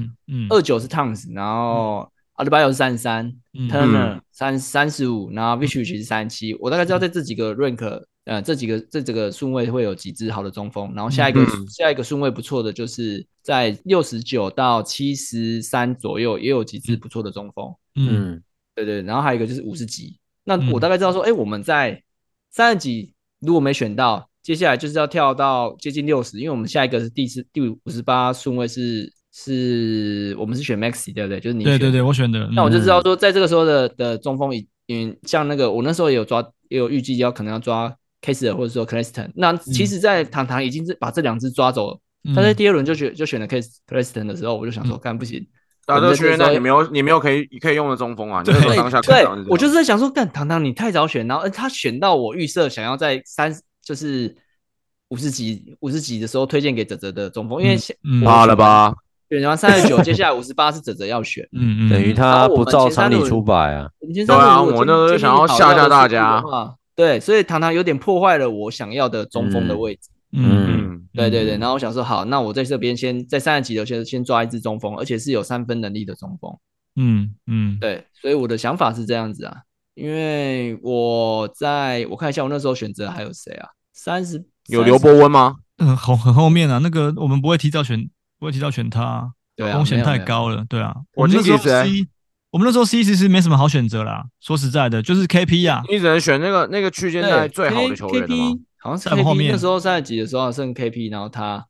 二九是 Towns，然後 Adebayo 是三十三，Turner 三十五，35，然後 Vucevic 是三十七。我大概知道在這幾個 rank。呃，這幾個這幾個順位會有幾支好的中鋒，然後下一個、嗯、下一個順位不錯的，就是在六十九到七十三左右，也有幾支不錯的中鋒嗯。嗯，對對，然後還有一個就是五十幾，那我大概知道說，哎、嗯，我們在三十幾如果沒選到，接下來就是要跳到接近六十，因為我們下一個是第四第五十八順位是是，我們是選 Maxey 對不對？就是你對對對，我選的，嗯、那我就知道說，在這個時候的的中鋒已，因，以像那個我那時候也有抓，也有預計要可能要抓。Kessler 或者說 Claxton，那其實，在堂堂已經是把這兩支抓走了，他、嗯、在第二輪就選就選了 Kessler Claxton 的時候，我就想說，幹不行，大哥都選你沒有你沒有可以可以用的中鋒啊？對，你當下是對，對我就是在想說，幹堂堂你太早選，然後他選到我預設想要在三就是五十幾五十幾的時候推薦給哲哲的中鋒、嗯，因為了怕了吧，選完三十九，接下來五十八是哲哲要選，嗯嗯，等於他不照常理出牌啊，當然，我那時候就想要嚇嚇大家。對，所以堂堂有點破壞了我想要的中鋒的位置。嗯，嗯，嗯、對對對。然後我想說，好，那我在這邊先在三十級的先先抓一支中鋒，而且是有三分能力的中鋒。嗯嗯，對。所以我的想法是這樣子啊，因為我在我看一下，我那時候選擇還有誰啊？三十有劉伯溫嗎？嗯，後很後面啊，那個我們不會提早選，不會提早選他，對啊，風險太高了，沒有沒有對啊。我就選。我們那時候 C 師是沒什麼好選擇啦，說實在的，就是 KP 啊，你只能選那個那個區間內最好的球員嘛。K, KP, 好像是 K P，那時候三十幾的時候剩 KP，然後他、啊，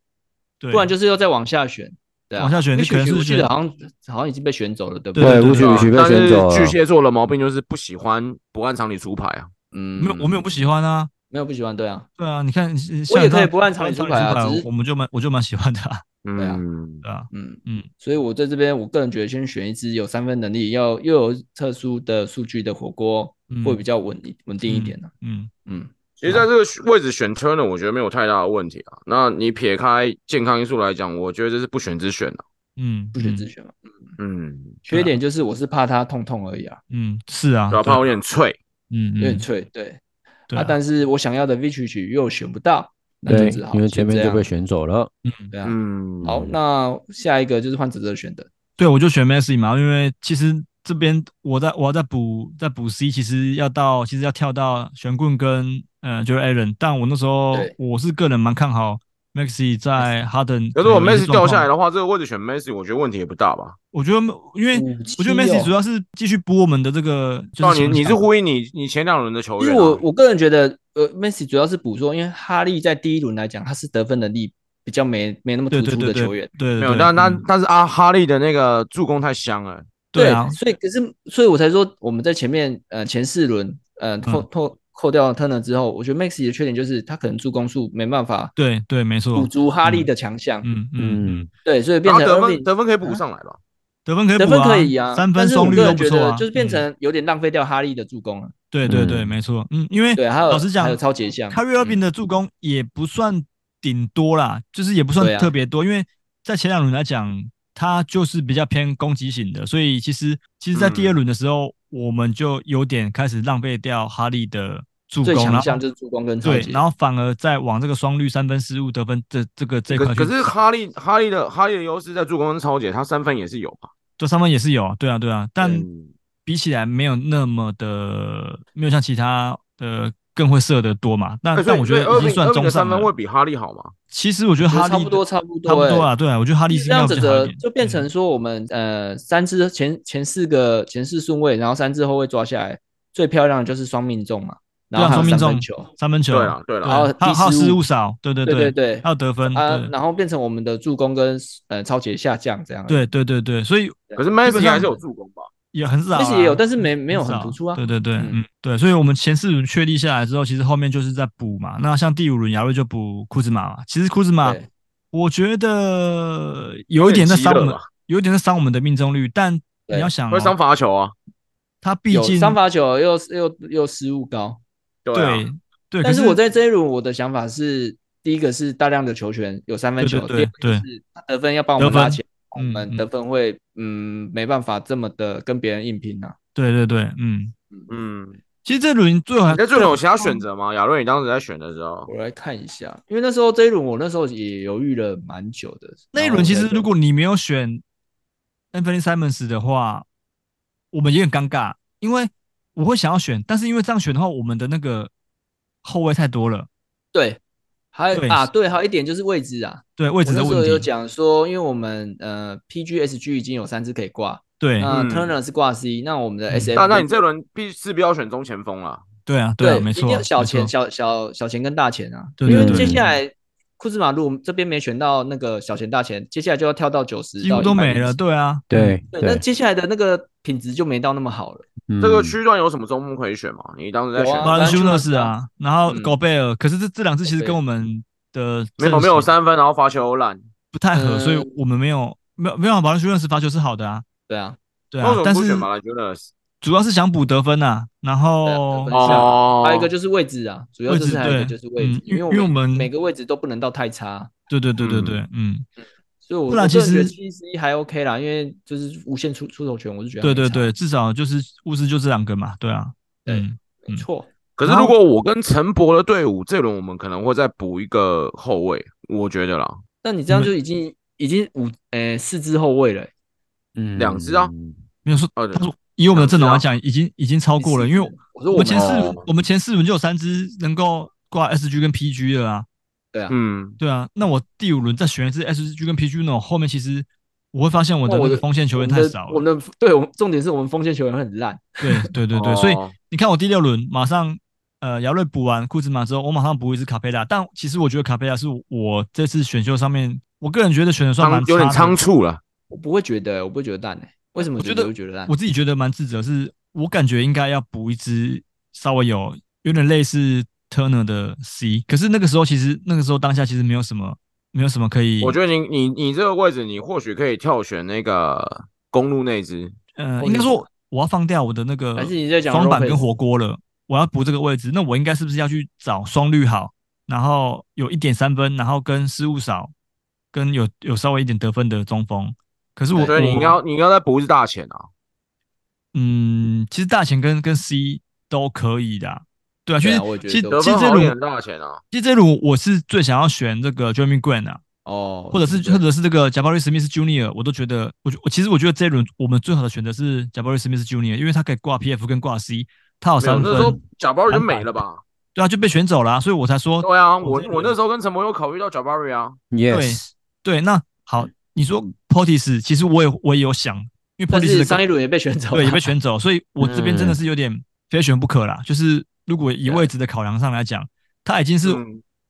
不然就是要再往下選，對啊、往下選。你可能是覺得好像好像已經被選走了，對不對？對、對、對，被選走。對對對，巨蟹座的毛病就是不喜歡不按常理出牌啊，嗯，沒有，我沒有不喜歡啊。沒有不喜歡，對啊，對啊，你看，我也可以不按常理出牌啊。我們就蠻，我就蠻喜歡他、啊。對啊，對啊，嗯嗯。所以我在這邊，我個人覺得，先選一只有三分能力，要又有特殊的數據的火鍋、嗯，會比較穩穩定一點、啊、嗯嗯，嗯。其實在這個位置選 Turner 呢，我覺得沒有太大的問題啊。那你撇開健康因素來講，我覺得這是不選之選啊。嗯，不選之選啊。嗯，嗯缺點就是我是怕它痛痛而已啊。嗯，是啊，啊怕我有點脆，嗯，有點脆，對。對啊,啊！但是我想要的 V 曲曲又選不到，那就只好這樣，對，因為前面就被選走了。嗯，對啊。嗯， (laughs) 好，那下一個就是換哲哲選的。對，我就選 Messi 嘛，因為其實這邊我在我要在補在補 C，其實要到其實要跳到玄棍跟嗯就是 Aaron，但我那時候我是個人蠻看好。Maxey 在哈登，可是我 Maxey 掉下來的話，這個位置選 Maxey 我覺得問題也不大吧？我覺得，因為我覺得 Maxey 主要是繼續補我們的這個就是。那、哦、你你是呼應你你前兩輪的球員、啊？因為我我個人覺得，呃 Maxey 主要是補做，因為哈利在第一輪來講，他是得分能力比較沒沒那麼突出的球員，對,對,對,對,對,對,對，沒有。但但但、嗯、是啊，哈利的那個助攻太香了，對啊。對所以可是，所以我才說我們在前面呃前四輪呃拖拖。扣掉 Turner 之後，我覺得 Maxey 的缺點就是他可能助攻數沒辦法對對，沒錯補足哈利的強項。嗯嗯，嗯，對，所以變成得、啊、分，得分可以補上來了，得分可以補上來。分以、啊、三分中率都不錯、啊，是我覺得就是變成有點浪費掉哈利的助攻了、啊嗯。對對對，沒錯。嗯，因為對，還有老實講，還有超級項，Cari 的助攻也不算頂多啦，就是也不算特別多、啊，因為在前兩輪來講，他就是比較偏攻擊型的，所以其實其實，在第二輪的時候、嗯，我們就有點開始浪費掉哈利的。助攻，最強項就是助攻跟抄截，對，然後反而在往這個雙率三分失誤得分這這個這塊去。可是哈利哈利的哈利的優勢在助攻跟抄截，他三分也是有吧？這三分也是有啊，對啊對啊，啊、但比起來沒有那麼的，沒有像其他的更會射的多嘛。那但我覺得已經算中三分會比哈利好嗎？其實我覺得哈利差不多差不多對差不多啊，對啊，啊、我覺得哈利是要這樣子的，就變成說我們呃三支前前四個前四順位，然後三支後位抓下來最漂亮的就是雙命中嘛。然後還有三分球，三分球對了對了，然後他還有失誤少，對對對對對，對，還有得分，呃、然後變成我們的助攻跟呃超級下降這樣。對對對對，所以可是麥斯還是有助攻吧，也很少，啊、其實也有，但是沒沒有很突出啊。對對對嗯，嗯對，所以我們前四輪確立下來之後，其實後面就是在補嘛。那像第五輪，亞瑞就補庫茲馬嘛。其實庫茲馬我覺得有一點在傷，有一點在傷我們的命中率，但你要想，喔、會傷罰球啊，他畢竟傷罰球又又又失誤高。對，啊、對，對，但是我在這一輪我的想法是，第一個是大量的球權有三分球，對對對對，第二個是得分要幫我們拉前，我們得分會嗯，嗯沒辦法這麼的跟別人硬拼吶、啊。對對對，嗯嗯，其實這一輪最好還，這一輪有其他選擇嗎？雅瑞，你當時在選的時候，我來看一下，因為那時候這一輪我那時候也猶豫了蠻久的。那一輪其實如果你沒有選 Anfernee Simons 的話，我們也很尷尬，因為。我會想要選，但是因為這樣選的話，我們的那個後衛太多了。對，還有對啊，對，還有一點就是位置啊，對，位置的問題。我有講說，因為我們呃，PGSG 已經有三支可以掛，對，那、嗯、Turner 是掛 C，那我們的 SF 那那你這輪必是不要選中前鋒了、啊。對啊，對啊，沒錯，小前、小小小前跟大前啊，對對對因為接下來。庫茲馬，路這邊沒選到那個小前大前，接下來就要跳到九十，幾乎都沒了。對啊，嗯、對，對，對，對，那接下來的那個品質就沒到那麼好了。嗯、這個區段有什麼中鋒可以選嗎？你當時在選馬蘭修諾斯啊，然後戈貝爾。可是這這兩支其實跟我們的沒有沒有三分，然後罰球歐懶不太合，嗯，所以我們沒有沒有沒有馬蘭修諾斯罰球是好的啊。對啊，對啊。但是。主要是想補得分吶、啊，然後、啊、哦，哦，哦哦、還有一個就是位置啊，主要就是還有一個就是位置，因為我們為每個位置都不能到太差，對對對對對，嗯，嗯，所以我不然其實七十一還 OK 啦，因為就是無限出出手權，我是覺得對對對，對，至少就是物資就這兩個嘛，對啊，嗯，沒錯。可是如果我跟陳柏的隊伍這輪我們可能會再補一個後衛，我覺得啦、嗯。那你這樣就已經、嗯、已經五誒、欸、四支後衛了、欸，嗯，兩支啊、嗯，沒有說呃，他說。以我們的陣容來講，已經已經超過了，因為我們前四我們前四輪就有三支能夠掛 SG 跟 PG 了啊。對啊，嗯，對啊。那我第五輪再選一支 SG 跟 PG 那種，後面其實我會發現我的那個鋒線球員太少了。我們對，我重點是我們鋒線球員很爛。對對對對，所以你看我第六輪馬上呃姚瑞補完庫茲馬之後，我馬上補一支卡佩拉。但其實我覺得卡佩拉是我這次選秀上面我個人覺得選的算蠻有點倉促了。我不會覺得、欸，我不會覺得爛誒。為什麼？我覺得我自己覺得蠻自責，是，我感覺應該要補一支稍微有有點類似 Turner 的 C，可是那個時候其實那個時候當下其實沒有什麼沒有什麼可以。我覺得你你你這個位置，你或許可以跳選那個公鹿那隻。呃，應該說我要放掉我的那個雙板跟火鍋了，我要補這個位置，那我應該是不是要去找雙率好，然後有一點三分，然後跟失誤少，跟有有稍微一點得分的中鋒。可是我對，所得，你應該，你應該在搏是大錢啊。嗯，其實大錢跟跟 C 都可以的，啊對，啊，對啊。其實其實其實這輪大錢啊，其實這輪我是最想要選這個 Jeremy g r e n 啊，哦，或者是，是或者是這個 Jabari Smith Junior，我都覺得我我其實我覺得這輪我們最好的選擇是 Jabari Smith Junior，因為他可以掛 P F 跟掛 C，他好像，分。那時候賈 a b 就沒了吧？對啊，就被選走了，啊，所以我才說對啊。我我，我那時候跟陳博有考慮到 Jabari 啊。Yes 對。對，那好。你說 Pottis，其實我也我也有想，因為 Pottis、上一輪也被選走，對，也被選走，所以我這邊真的是有點非選不可啦、嗯，就是如果以位置的考量上來講，他已經是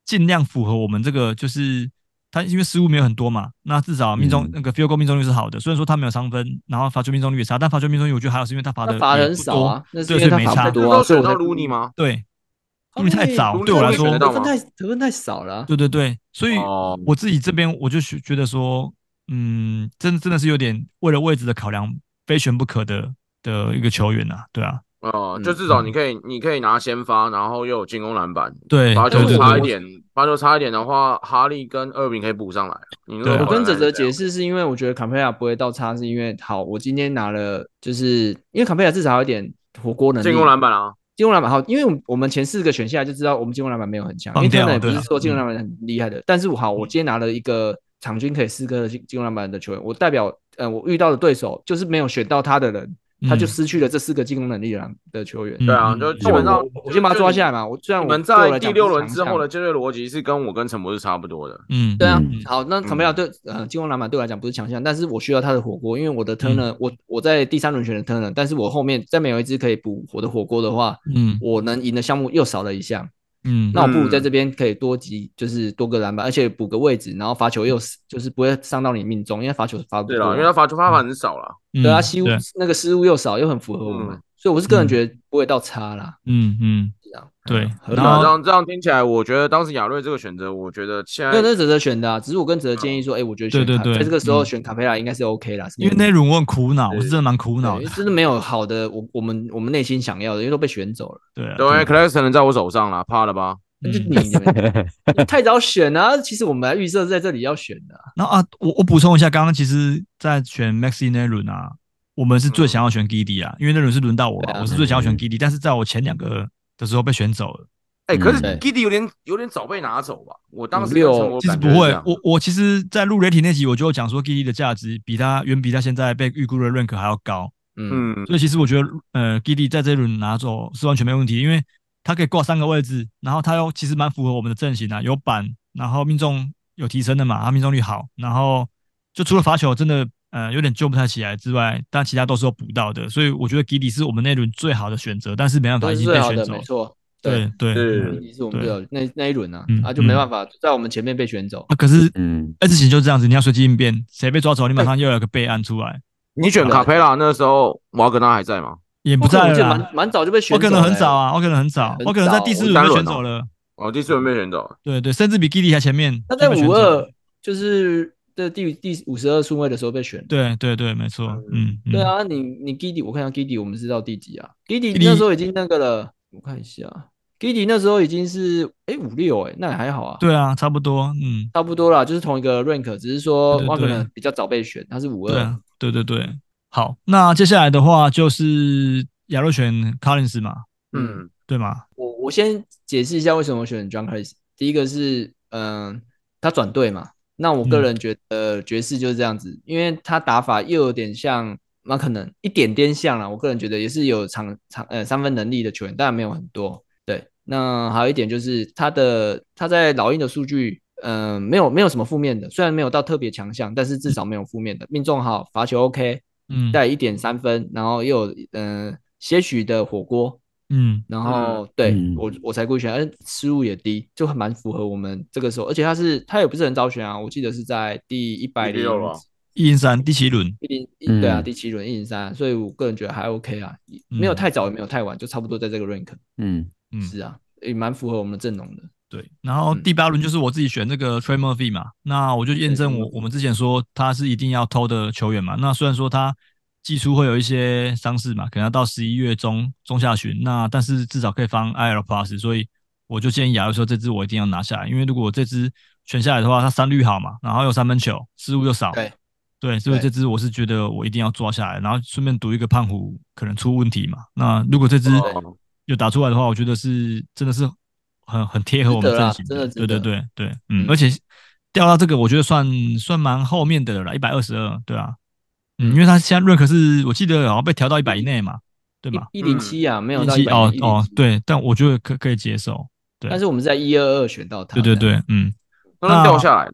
盡量符合我們這個，就是他因為失誤沒有很多嘛，那至少命中、嗯、那個 field goal 命中率是好的。雖然說他沒有三分，然後罰球命中率也差，但罰球命中率我覺得還好是因為他罰的罰的很少啊，對，所以沒差多啊。得到 Luni 嗎？對，因為太少，對我來說得分太得分太少了。對對對，所以我自己這邊我就覺得說。嗯，真的真的是有點為了位置的考量，非選不可的的一個球員吶、啊，對啊，哦、呃，就至少你可以、嗯，你可以拿先發，然後又有進攻籃板，對，罰球差一點，罰球差一點的話，哈利跟二餅可以補上來。我跟哲哲解釋是因為我覺得卡佩拉不會倒插，是因為好，我今天拿了，就是因為卡佩拉至少有點火鍋能力，進攻籃板啊，進攻籃板好，因為我們前四個選下來就知道我們進攻籃板沒有很強，因為真的不是說進攻籃板很厲害的，嗯、但是我好，我今天拿了一個。嗯場均可以四個進攻籃板的球員，我代表呃，我遇到的對手就是沒有選到他的人，他就失去了這四個進攻能力的球員。對、嗯、啊、嗯，就基本上就我，我先把他抓下來嘛。我雖然我，我們在第六輪之後的這個邏輯是跟我跟陳博士差不多的。嗯，對啊。嗯、好，嗯、那怎麼要對，呃，進攻籃板對我來講不是強項，但是我需要他的火鍋，因為我的 Turner，、嗯、我我在第三輪選的 Turner，但是我後面再沒有一支可以補我的火鍋的話，嗯，我能贏的項目又少了一項。嗯，那我不如在這邊可以多集，嗯、就是多個籃板，而且補個位置，然後罰球又、嗯、就是不會傷到你命中，因為罰球罰不了對了，因為他罰球方法很少了，嗯，對啊，失誤那個失誤又少，嗯，又很符合我們，所以我是個人覺得不會到差啦。嗯嗯。嗯對，這樣這樣聽起來，我覺得當時亞瑞這個選擇，我覺得現在那是哲哲選的、啊，只是我跟哲哲建議說，哎、欸，我覺得選卡對對對在這個時候選卡佩拉應該是 OK 啦。嗯、因為那輪我很苦惱，我是真的蠻苦惱的，真的沒有好的我，我我們我們內心想要的，因為都被選走了。對、啊，對，Claxton、嗯、在我手上了，怕了吧？嗯欸、你你你太早選了、啊， (laughs) 其實我們來預設在這裡要選的、啊。那啊，我我補充一下，剛剛其實在選 Maxey 那輪啊，我們是最想要選 Giddey 啊、嗯，因為那輪是輪到我了、啊，我是最想要選 Giddey、嗯、但是在我前兩個。的時候被選走了，哎、欸，可是 Giddey 有點、嗯、有點早被拿走吧？嗯、我當時沒有，其實不會，我我其實，在錄雷霆那集，我就講說 Giddey 的價值比他遠比他現在被預估的 rank 還要高，嗯，所以其實我覺得，呃，Giddey 在這一輪拿走是完全沒問題，因為他可以掛三個位置，然後他又其實蠻符合我們的陣型啊，有板，然後命中有提升的嘛，他命中率好，然後就除了罰球真的。呃，有點救不太起來之外，但其他都是有補到的，所以我覺得 Giddey 是我們那輪最好的選擇，但是沒辦法，已經被選走，沒錯，對對，是也是我們隊那那一輪呢、啊，啊、嗯、就沒辦法、嗯、在我們前面被選走。啊可是，嗯，S 型、欸、就這樣子，你要隨機應變，誰被抓走，你馬上又有一個備案出來、欸哦。你選卡佩拉那個時候，瓦格納還在嗎？也不在了，蠻蠻早就被選，我可能很早啊，我可能很早，我可能在第四輪被選走了，啊、哦，第四輪被選走了，對對，對，甚至比 Giddey 還前面，他在五二就是。這第第五十二順位的時候被選，對對對，沒錯、嗯，嗯，對啊，你你 Giddy，我看到 Giddy 我們知道第幾啊？Giddy 那時候已經那個了，我看一下，Giddy 那時候已經是哎五六哎，那也還好啊，對啊，差不多，嗯，差不多啦，就是同一個 rank，只是說哇可能比較早被選，對對對，他是五二、啊，對對對，好，那接下來的話就是亞洲選卡林斯嘛，嗯，對嘛，我我先解釋一下為什麼我選 Junkers，第一個是嗯、呃，他轉隊嘛。那我個人覺得爵士就是這樣子，嗯、因為他打法又有點像馬，可能一點點像啦，我個人覺得也是有長長呃三分能力的球員，當然沒有很多。對，那還有一點就是他的他在老鷹的數據，嗯、呃，沒有沒有什麼負面的，雖然沒有到特別強項，但是至少沒有負面的，命中好，罰球 OK，帶一點三分，然後又嗯、呃、些許的火鍋。嗯，然後、嗯、對、嗯、我我才故意選，嗯，失誤也低，就很蠻符合我們這個時候，而且他是他也不是很早選啊，我記得是在第一百零六了、啊，一零三第七輪，一、嗯、零對啊，第七輪一零三，103，所以我個人覺得還 OK 啊，沒有太早也沒有太晚，就差不多在這個 rank，嗯是啊，也蠻符合我們陣容的，對，然後第八輪就是我自己選這個 Trey Murphy 嘛，那我就驗證我我，我們之前說他是一定要偷的球員嘛，那雖然說他。季初會有一些傷勢嘛，可能要到十一月中中下旬，那但是至少可以放 IR Plus，所以我就建議假如說這支我一定要拿下來，因為如果這支選下來的話，它三率好嘛，然後又三分球，失誤又少。嗯、對，對所以這支我是覺得我一定要抓下來，然後順便賭一個胖虎可能出問題嘛。那如果這支有打出來的話，我覺得是真的是很很貼合我們陣型、啊、對對對對嗯，嗯，而且掉到這個我覺得算算蠻後面的了，一百二十二，對啊。嗯，因為他現在 rank 是，我記得好像被調到一百以內嘛，對吧？一零七啊，沒有到一百以內。107, 哦107哦，對，但我覺得可可以接受。對但是我們是在一二二選到他。對對對，嗯。他掉下來了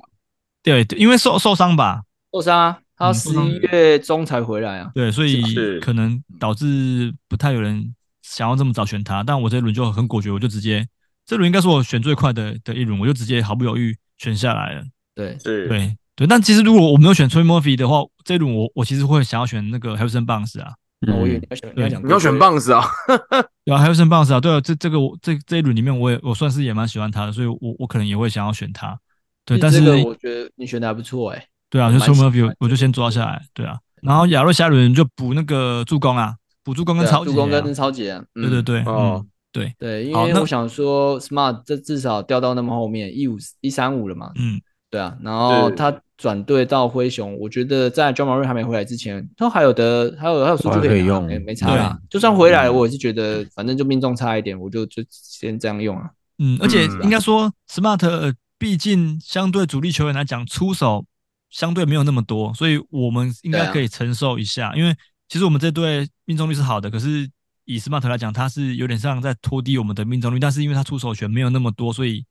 對。對，因為受受傷吧。受傷，啊，他十一月中才回來啊、嗯。對，所以可能導致不太有人想要這麼早選他。但我這輪就很果決，我就直接這輪應該是我選最快的的一輪，我就直接毫不猶豫選下來了。對，對。對，但其實如果我沒有選 Trey Murphy 的話，這一輪我我其實會想要選那個 Harrison Barnes 啊。我有點想講，我要選，選 Barnes 啊，啊 (laughs) ，Harrison Barnes 啊，對啊，這這個我這這一輪裡面，我也我算是也蠻喜歡他的，所以我我可能也會想要選他。對，是這個但是我覺得你選的還不錯哎、欸。對啊，就 Trey Murphy，我就先抓下來。對啊，對啊，然後亞諾下一輪就補那個助攻啊，補助攻跟抄截、啊啊、助攻跟抄截啊。嗯、對對對，哦、嗯，對、哦、對，因為、哦、我想說 Smart 這至少掉到那麼後面一五一三五了嘛。嗯。對啊，然後他轉隊到灰熊，我覺得在 Ja Morant 還沒回來之前，都還有的，還有還有數據可以用，沒差啦。對啊。就算回來、嗯，我也是覺得反正就命中差一點，我就就先這樣用啊。嗯，而且應該說，Smart 畢竟相對主力球員來講，出手相對沒有那麼多，所以我們應該可以承受一下。啊、因為其實我們這隊命中率是好的，可是以 Smart 來講，他是有點像在拖低我們的命中率，但是因為他出手權沒有那麼多，所以。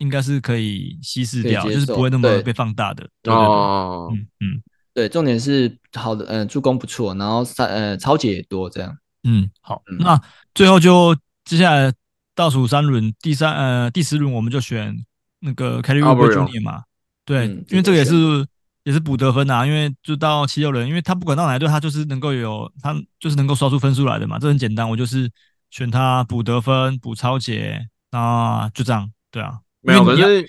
應該是可以稀釋掉，就是不會那麼被放大的。對對哦，嗯嗯，對,重點是好的，嗯、呃，助攻不錯，然後三呃抄截也多，這樣，嗯，好，嗯、那最後就接下來倒數三輪，第三呃第十輪我們就選那個凱利歐布雷 Jr 嘛，啊、對、嗯，因為這個也是也是補得分啊，因為就到七六人，因為他不管到哪隊，他就是能夠有他就是能夠刷出分數來的嘛，這很簡單，我就是選他補得分補抄截然後就這樣，對啊。沒有，可是、Oper、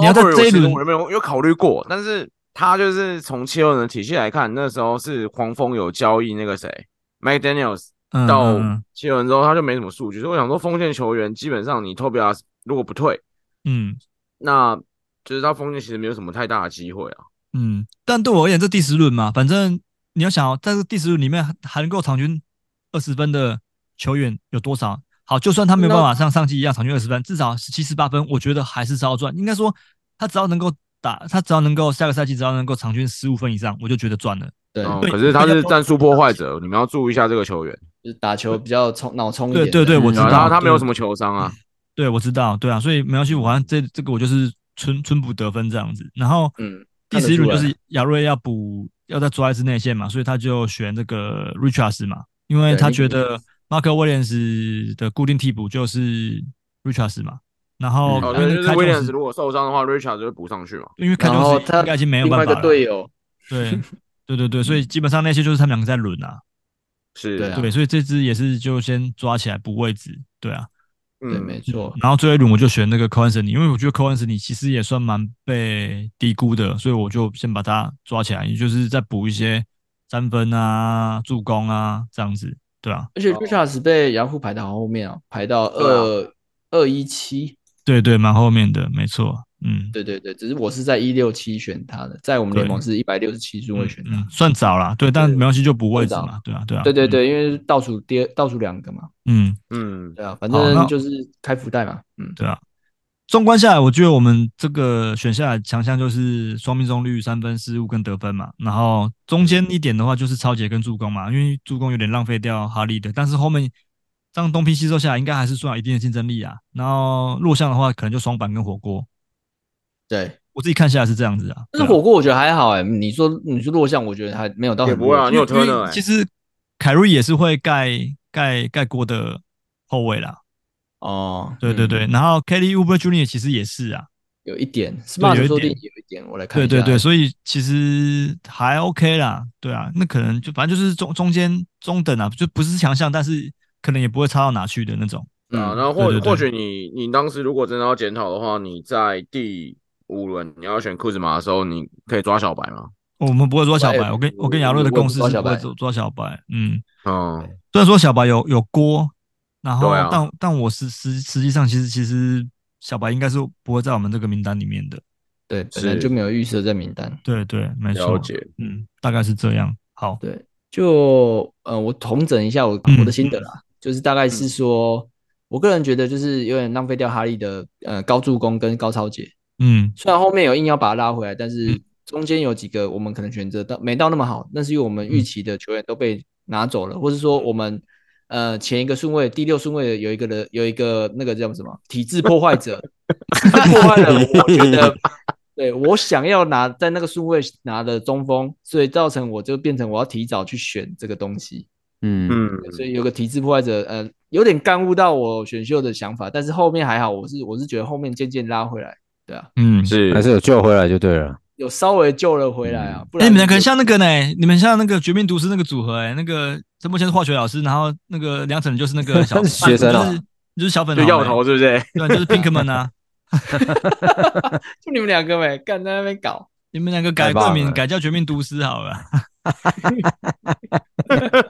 你要在這一輪有沒有有考慮過？但是他就是從七六人的體系來看，那時候是黃蜂有交易那個誰，McDaniels、嗯、到七六人之後他就沒什麼數據。所以我想說，鋒線球員基本上你 Tobias 如果不退，嗯，那就是他鋒線其實沒有什麼太大的機會啊。嗯，但對我而言，這第十輪嘛，反正你要想，在這第十輪裡面還能夠場均二十分的球員有多少？好，就算他沒有辦法像上季一樣場均二十分，至少十七、十八分，我覺得還是超賺。應該說，他只要能夠打，他只要能夠下個賽季只要能夠場均十五分以上，我就覺得賺了。對、嗯，可是他是戰術破壞者，你們要注意一下這個球員，打球比較衝、腦衝一點。對對對，對，我知道、嗯。他，他沒有什麼球商啊、嗯？對，我知道。對啊，所以沒關係，我反正這這個我就是純純補得分這樣子。然後，嗯，第十一輪就是亞瑞要補，要再抓一次內線嘛，所以他就選這個 Richards 嘛，因為他覺得。Mark Williams 的固定替補就是 Richards 嘛，然後 Williams 如果受傷的話，Richards 就會補上去嘛。因為他應該已經沒有辦法了。對對對對，所以基本上那些就是他們兩個在輪啊。是的，對，所以這支也是就先抓起來補位置，對啊。對，沒錯。然後最後一輪我就選那個 Conley，因為我覺得 Conley 其實也算蠻被低估的，所以我就先把他抓起來，也就是再補一些三分啊、助攻啊這樣子。對啊，而且 Richards 被楊 a 排到好後面啊、哦，排到二二一七。對對，對，蠻後面的，沒錯。嗯，對對對，只是我是在一六七選他的，在我們聯盟是一百六十七中位選的，嗯嗯，算早了。對，但沒關係，就不會早了。對啊，對啊。對對對，嗯，因為倒數第二，倒數兩個嘛。嗯嗯，對啊，反正就是開福袋嘛。嗯，對啊。縱觀下來，我覺得我們這個選下來強項就是雙命中率、三分失誤跟得分嘛。然後中間一點的話就是抄截跟助攻嘛，因為助攻有點浪費掉哈利的。但是後面這樣東拼西湊下來，應該還是算有一定的競爭力啊。然後弱項的話，可能就雙板跟火鍋。對，我自己看下來是這樣子啊。但是火鍋我覺得還好哎。你說你說弱項，我覺得還沒有到。也不會啊，你有推的。其實凱瑞也是會蓋蓋蓋鍋的後衛啦。哦，對對對，嗯、然後 Kelly Oubre Jr. 其實也是啊，有一點，是是有一點，有一點，我來看。對對對，所以其實還 OK 啦。對啊，那可能就反正就是中中間中等啊，就不是強項，但是可能也不會差到哪去的那種。嗯、啊，然後或者或許你你當時如果真的要檢討的話，你在第五輪你要選褲子馬的時候，你可以抓小白嗎？我們不會抓小白，我跟我跟亞瑞的共識是不會抓抓小白，嗯，哦、嗯，雖然說小白有有鍋。然後，啊、但但我實實實際上，其實其實小白應該是不會在我們這個名單裡面的，對，本來就沒有預設在名單，對，對對，沒錯，嗯，大概是這樣。好，對，就呃，我重整一下我我的心得啦、嗯，就是大概是說、嗯，我個人覺得就是有點浪費掉哈利的呃高助攻跟高抄截，嗯，雖然後面有硬要把他拉回來，但是中間有幾個我們可能選擇到、嗯、沒到那麼好，那是因為我們預期的球員都被拿走了，嗯，或是說我們。呃，前一個順位第六順位的有一個的有一個那個叫什麼體制破壞者 (laughs) 破壞了，我覺得 (laughs) 對我想要拿在那個順位拿的中鋒，所以造成我就變成我要提早去選這個東西，嗯，所以有個體制破壞者，呃，有點干預到我選秀的想法，但是後面還好，我是我是覺得後面漸漸拉回來，對啊，嗯是還是有救回來就對了。有稍微救了回來啊，嗯、不然你們、欸、可能像那個呢，你們像那個絕命毒師那個組合，哎，那個張默先是化學老師，然後那個梁朝就是那個小粉、 (laughs) 啊就是，就是小粉，就藥頭，是不是？對，就是 Pinkman 啊， (laughs) (laughs) (laughs) 就你們兩個唄，乾在那邊搞，你們兩個改冠名改叫絕命毒師好了， (laughs)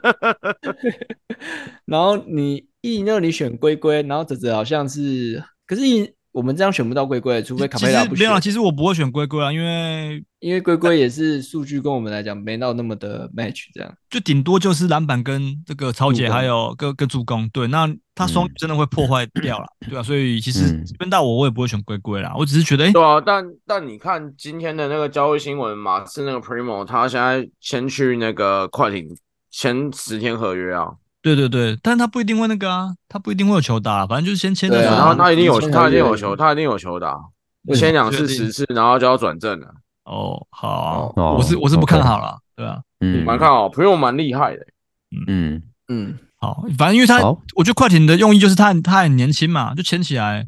(laughs) 然後你一那裡選龜龜，然後澤澤好像是，可是你。我們這樣選不到龜龜，除非卡佩拉不選。沒有，其實我不會選龜龜啊，因為因為龜龜也是數據跟我們來講沒到那麼的 match，這樣就頂多就是籃板跟這個抄截還有個個助、助攻。對，那他雙真的會破壞掉了，嗯，對啊。所以其實分到我我也不會選龜龜啦，我只是覺得。對啊，但但你看今天的那個交易新聞，馬刺那個 Primo 他現在先去那個快艇前十天合約啊。對對對，但他不一定會那個啊，他不一定會有球打，反正就是先簽。然後、啊、他一定有，他一定有球，嗯，他一定有球打。嗯、簽兩次、十次，然後就要轉正了。哦，好，哦、我是我是不看好了，okay. 對啊，嗯，蠻看好，朋友蠻厲害的欸。嗯嗯，嗯好，反正因為他，我覺得快艇的用意就是他很他很年輕嘛，就簽起來。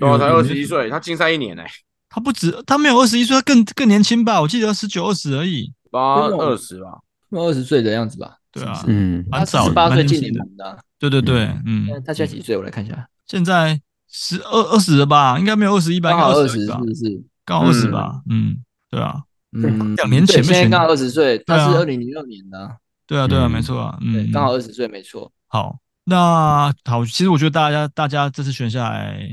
他才二十一歲，他禁賽、嗯、一年哎、欸，他不止，他沒有二十一歲，他更更年輕吧？我記得十九二十而已，八二十吧，二十歲的樣子吧。對啊，嗯，早他十八歲進聯的，對對對，嗯，嗯現他現在幾歲？我來看一下，嗯、現在十二二十了吧？應該沒有二十一，剛好二十二吧，剛二十是不是？剛好二十吧，嗯，嗯，對啊，嗯，兩年前，對，現在剛好二十歲，他、啊、是二零零六年的、啊，對啊，對啊，沒錯、啊，嗯，剛、啊嗯、好二十歲，沒錯。好，那好，其實我覺得大家大家這次選下來，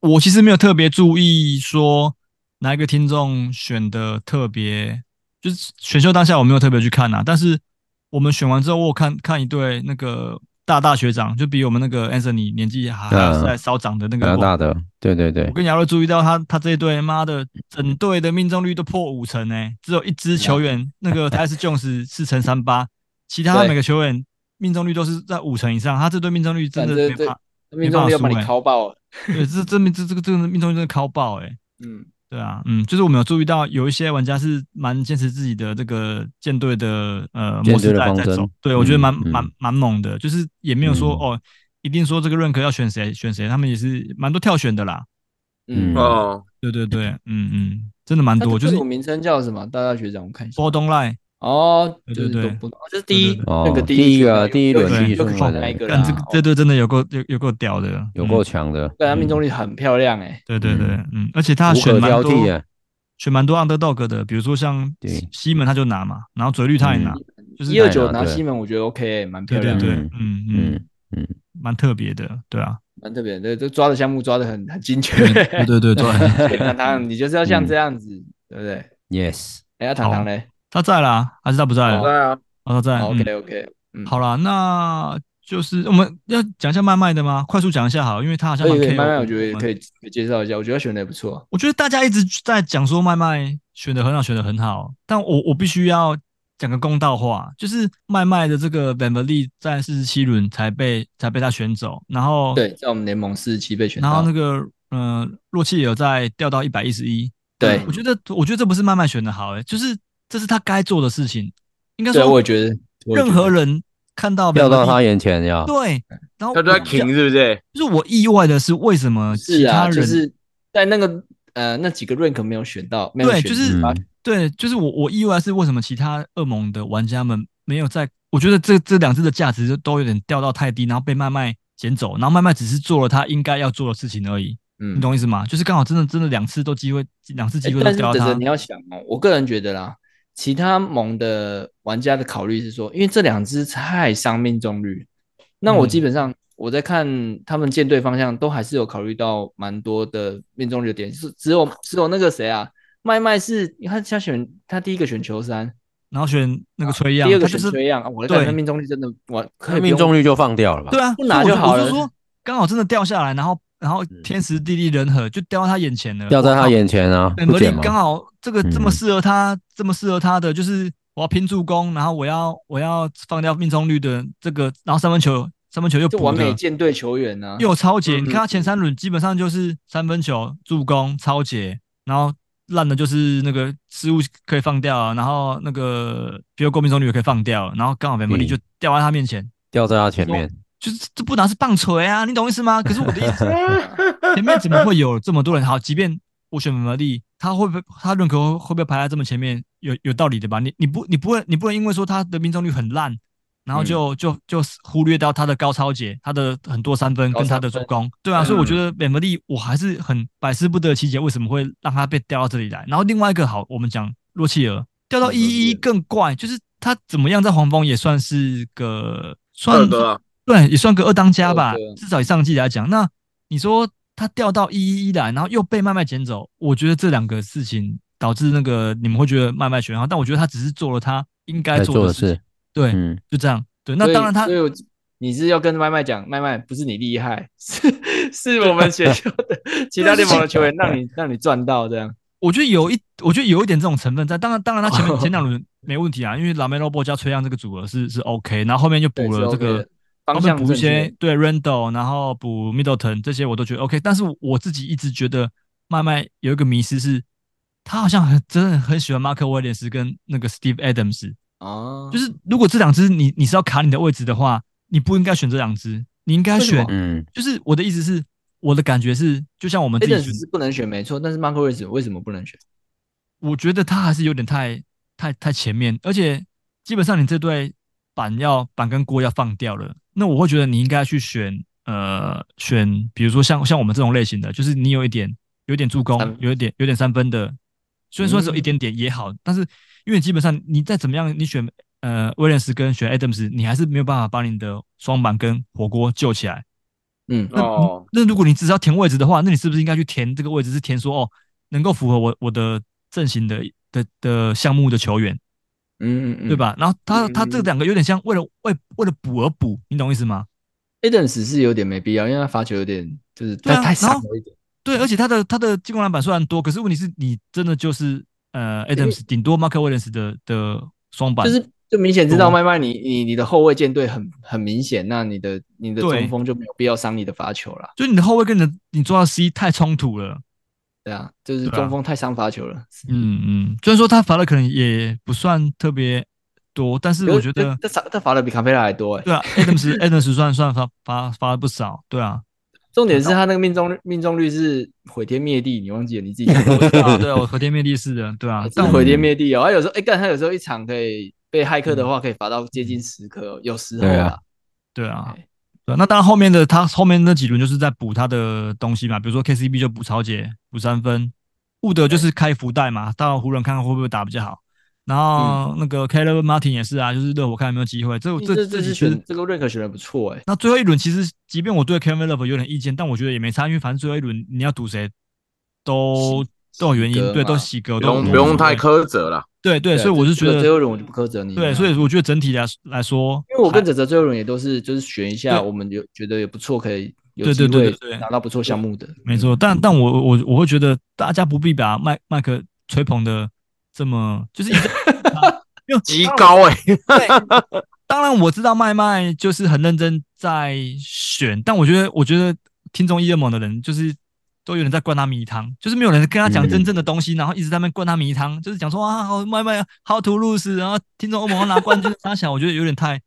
我其實沒有特別注意說哪一個聽眾選的特別，就是選秀當下我沒有特別去看啊，但是。我們選完之後我有，我看看一對那個大大學長，就比我們那個安 n 你年紀還還稍長的那個，比較、啊、大的，對對對。我跟亞樂注意到他，他這一隊媽的，整隊的命中率都破五成哎、欸，只有一支球員，yeah. 那個他是 Jones 四乘三八，其他的每個球員命中率都是在五成以上，他這隊命中率真的沒怕命中率有把你敲爆了、欸，對，這證明這這個這個命中率真的敲爆哎、欸，嗯。對啊，嗯，就是我們有注意到有一些玩家是蠻堅持自己的這個建隊的呃模式在走，對，我覺得蠻蠻蠻猛的、嗯，就是也沒有說、嗯、哦一定說這個 rank 要選誰選誰，他們也是蠻多跳選的啦，嗯哦，對對對，嗯嗯，真的蠻多，就是我名稱叫什麼大大學長，我看一下，Borderline。哦、oh, 就是，對對對，這、就是第一對對對那個第一個第一輪就出來一，第一，第一，第一可個、喔、這個、這隊真的有夠有有夠屌的，有夠強的，嗯、對他命中率很漂亮哎、嗯，對對對，嗯，而且他選蠻多，選蠻多 Underdog 的，比如說像西門他就拿嘛，然後嘴綠他也拿、嗯，就是一二九拿西門，我覺得 OK，蠻漂亮，的嗯嗯嗯，蠻、嗯嗯嗯、特別的，對啊，蠻特別，對，就抓的項目抓的很很精確、嗯、 (laughs) 對，對對對，堂 (laughs) 堂，你就是要像這樣子，對不對？Yes，哎呀，堂堂嘞。他在啦，還是他不在啦、oh, 啊啊？他在啊，在。OK OK，嗯嗯好了，那就是我們要講一下麥麥的嗎？快速講一下好，因為他好像可以、嗯、可以麥麥，我覺得也可以介紹一下，我覺得他選的也不錯。我覺得大家一直在講說麥麥選的很好，選的很好，但我我必須要講個公道話，就是麥麥的這個 Vanverley 在四十七輪才被才被他選走，然後對，在我們聯盟四十七被選。然後那個嗯，羅齊爾有在掉到一百一十一，對、嗯，我覺得我覺得這不是麥麥選的好、欸、就是。這是他該做的事情，應該說，所以我也覺得,我也覺得任何人看到掉到他眼前要對，然後他都在 king 是不是？就是我意外的是為什麼其他人是、啊、就是在那個呃那幾個 rank 沒有選到，選對，就是、嗯、對，就是我我意外是為什麼其他二盟的玩家們沒有在？我覺得這這兩次的價值都有點掉到太低，然後被麥麥撿走，然後麥麥只是做了他應該要做的事情而已、嗯，你懂意思嗎？就是剛好真的真的兩次都機會兩次機會都掉到他，欸、但是,是你要想哦、喔，我個人覺得啦。其他盟的玩家的考慮是說，因為這兩支太傷命中率，那我基本上我在看他們艦隊方向，都還是有考慮到蠻多的命中率的點，是只有只有那個誰啊，麥麥是，他他選他第一個選球三，然後選那個崔樣，啊、第二個選崔樣，他就是啊、我的命中率真的，我可以他命中率就放掉了吧？對啊，不拿就好了。我說剛好真的掉下來，然後。然後天時地利人和就掉在他眼前了，掉在他眼前了哇哇眼前、啊。LaMelo 剛好這個這麼適合他，這麼適合他的就是我要拼助攻，然後我要我要放掉命中率的這個，然後三分球三分球又補，這完美建隊球員呢、啊，又有抄截。你看他前三輪基本上就是三分球助攻抄截，然後爛的就是那個失誤可以放掉，然後那個比如高命中率也可以放掉，然後剛好 LaMelo 就掉在他面前，掉在他前面。就是這不拿是棒槌啊，你懂意思嗎？可是我的意思， (laughs) 前面怎麼會有這麼多人？好，即便我選 LaMelo，他會不會他認可會不會排在這麼前面？有有道理的吧？你你不你不會你不能因為說他的命中率很爛，然後就、嗯、就就忽略掉他的高抄截，他的很多三分跟他的助攻，對啊。所以我覺得 LaMelo 我還是很百思不得其解，為什麼會讓他被調到這裡來？然後另外一個好，我們講洛奇爾調到一一更怪，就是他怎麼樣在黃蜂也算是個算。對，也算個二當家吧，至少以上季來講。那你說他掉到一一一來，然後又被麥麥撿走，我覺得這兩個事情導致那個你們會覺得麥麥選好，但我覺得他只是做了他應該做的事情做的是。對、嗯，就這樣。對，那當然他，所以所以你是要跟，跟麥麥講，麥麥不是你厲害，是是我們選秀的 (laughs) 其他地方的球員 (laughs) 讓你讓你賺到這樣。我覺得有一，我覺得有一點這種成分在。當然，當然他前面 (laughs) 前兩輪沒問題啊，因為拉梅羅、波加、崔楊這個組合是是 OK，然後後面就補了這個。方向，他們補一些對 Randall，然後補 Middleton 這些，我都覺得 OK。但是我自己一直覺得，麥麥有一個迷思是，他好像很真的很喜歡 Mark Williams 跟那個 Steve Adams 哦、啊，就是如果這兩隻你你是要卡你的位置的話，你不應該選這兩隻，你應該選。嗯，就是我的意思是，我的感覺是，就像我們這 Adams 是不能選，沒錯。但是 Mark Williams 為什麼不能選？我覺得他還是有點太太太前面，而且基本上你這隊。板要板跟鍋要放掉了，那我會覺得你應該去選呃選，比如說像像我們這種類型的，就是你有一點有一點助攻，有一點有一點三分的，雖然說只有一點點也好，嗯、但是因為基本上你再怎麼樣，你選呃威廉斯跟選艾德姆斯，你還是沒有辦法把你的雙板跟火鍋救起來。嗯，哦、那那如果你只是要填位置的話，那你是不是應該去填這個位置，是填說哦能夠符合我我的陣型的的的項目的球員？嗯，嗯，嗯，對吧？然後他他這兩個有點像為了為、嗯嗯嗯、為了補而補，你懂我意思嗎？Adams 是有點沒必要，因為他罰球有點就是太少，啊，一點。對，而且他的他的進攻籃板雖然多，可是問題是你真的就是呃 Adams 頂多 Mark Williams 的的雙板，就是就明顯知道麥麥你你你的後衛艦隊很很明顯，那你的你的中鋒就沒有必要傷你的罰球了，就你的後衛跟你的你抓的 C 太衝突了。對啊，就是中鋒太傷罰球了。啊、嗯嗯，雖然說他罰的可能也不算特別多，但是我覺得他他罰的比卡佩拉還多。對啊，Adams Adams 算 (laughs) 算罰了不少。對啊，重點是他那個命中命中率是毀天滅地，你忘記了你自己想 (laughs) 對、啊？對啊，我毀天滅地似的。對啊，是、嗯、毀天滅地有、哦、啊，有時候哎、欸，但他有時候一場可以被駭客的話，可以罰到接近十顆、嗯，有時候啊。對啊。對啊 okay. 那當然後面的他後面那幾輪就是在補他的東西嘛，比如說 KCB 就補抄截，補三分，沃德就是開福袋嘛，到湖人看看會不會打比較好。然後那個 k Love Martin 也是啊，嗯、就是熱火看有沒有機會。這這這選的，這個瑞克選的不錯誒。那最後一輪其實，即便我對 k Love 有點意見，但我覺得也沒差，因為反正最後一輪你要賭誰都。都有原因，對，都性格，都，不用，都不用太苛責了。對對，對，所以我是覺得這些人我就不苛責你。對，所以我覺得整體來來說，因為我跟澤澤，最後人也都是就是選一下，我們就覺得也不錯，可以對對，對對對，拿到不錯項目的。對對對對對對，嗯、沒錯，但但我我我會覺得大家不必把麥麥克吹捧的這麼就是一個，用 (laughs) 極極高，哎、欸 (laughs) 對。 (laughs) 當然我知道麥麥就是很認真在選，但我覺得我覺得聽眾二盟的人就是。都有人在灌他迷湯，就是沒有人跟他講真正的東西，然後一直在那灌他迷湯，嗯，就是講說啊，好麥麥，how to lose，然後聽眾二盟拿冠軍 (laughs) 他想我覺得有點太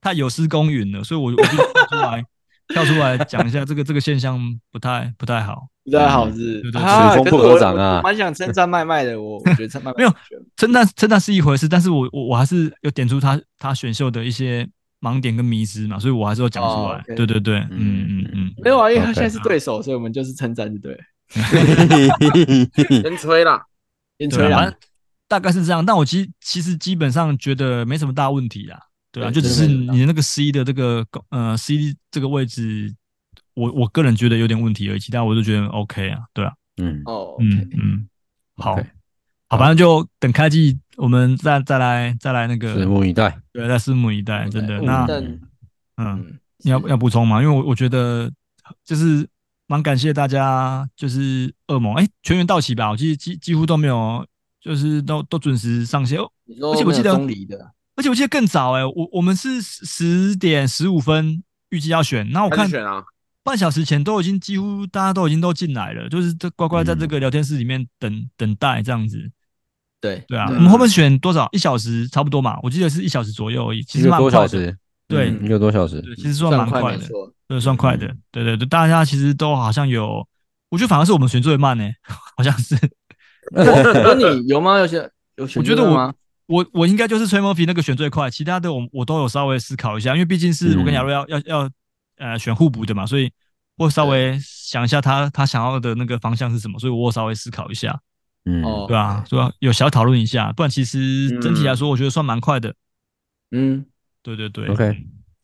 太有失公允了，所以我我就出來 (laughs) 跳出來講一下這個這個現象不太不太好，不太好是，有 (laughs) 不對，對，對，水風不可長啊，蠻想稱讚麥麥的，我我覺得沒有稱讚稱讚是一回事，但是我我我還是有點出他他選秀的一些，盲點跟迷思嘛，所以我還是要講出來。Oh, okay. 對對對，嗯嗯嗯，沒有啊，因、嗯、為、嗯欸 okay, 他現在是對手，啊、所以我們就是稱讚對, (laughs) (laughs) (laughs) 對，先吹了，先吹了，大概是這樣。但我其實其實基本上覺得沒什麼大問題啊，對啊，就只是你的那個 C 的這個、嗯、呃 C 的這個位置，我我個人覺得有點問題而已，其他我都覺得 OK 啊，對啊，嗯，哦、嗯 oh, okay. 嗯，嗯嗯好。Okay. 好，反正就等開季，我們再再來再來那個，拭目以待。對，再拭目以待，以待真的、嗯。那，嗯，嗯你要要補充嗎？因為我我覺得就是蠻感謝大家，就是惡魔哎、欸，全員到齊吧？我記得幾幾乎都沒有，就是都都準時上線。哦、喔，而且我記得，而且我記得更早哎、欸，我我們是十點十五分預計要選，那我看半小時前都已經幾乎大家都已經都進來了，就是這乖乖在這個聊天室裡面等、嗯、等待這樣子。對對啊對，我們後面選多少一小時差不多嘛？我記得是一小時左右而已，其實蠻快的。對，一、嗯、有多小時？對，其實算蠻快的快，對，算快的、嗯。對對對，大家其實都好像有，我覺得反而是我們選最慢呢、欸，好像是。那 (laughs) (laughs) (laughs) 你有嗎？有選？有選最？我覺得我我我應該就是 Trey Murphy 那個選最快，其他的我我都有稍微思考一下，因為畢竟是我跟雅瑞要、嗯、要要呃選互補的嘛，所以我稍微想一下他他想要的那個方向是什麼，所以我稍微思考一下。嗯啊、哦，對啊，是吧？有小討論一下，不然其實整體來說，我覺得算蠻快的。嗯，對對對，OK，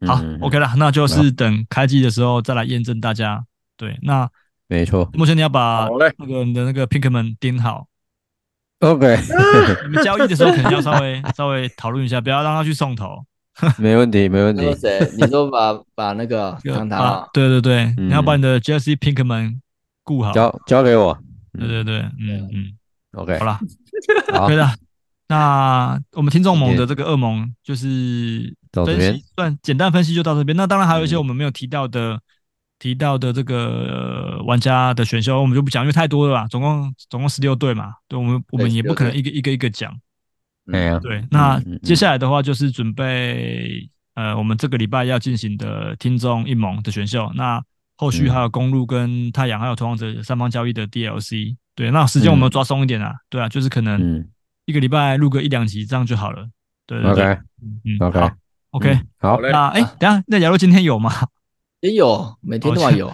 好、嗯、OK 了，那就是等開季的時候再來驗證大家。對，那沒錯。目前你要把那個你的那個 Pinkman 盯好。OK，你們交易的時候肯定要稍微 (laughs) 稍微討論一下，不要讓他去送頭。沒問題，沒問題。 (laughs) 啊、你說把 (laughs) 把那個 (laughs) 把 (laughs) 對對對、嗯，你要把你的 Jesse Pinkman 顧好，交交給我、嗯。對對對，嗯嗯。OK，好了， (laughs) 可以了。那我們聽眾盟的這個二盟就是分析算，算簡單分析就到這邊。那當然還有一些我們沒有提到的，嗯、提到的這個玩家的選秀，我們就不講，因為太多了嘛，總共總共十六隊嘛。對我們對，我們也不可能一個一個一個講。沒有、啊。對，那接下來的話就是準備，嗯嗯嗯呃，我們這個禮拜要進行的聽眾一盟的選秀。那後續還有公路跟太陽、嗯，還有通樣者三方交易的 DLC。對，那時間我們抓鬆一點啦、啊嗯、對啊，就是可能一個禮拜錄個一兩集、嗯、這樣就好了。對，對,對，OK，嗯，OK，OK，、okay, okay, okay, 嗯、好嘞。那哎、啊欸，等一下，那假如今天有嗎？也有，每天都要有。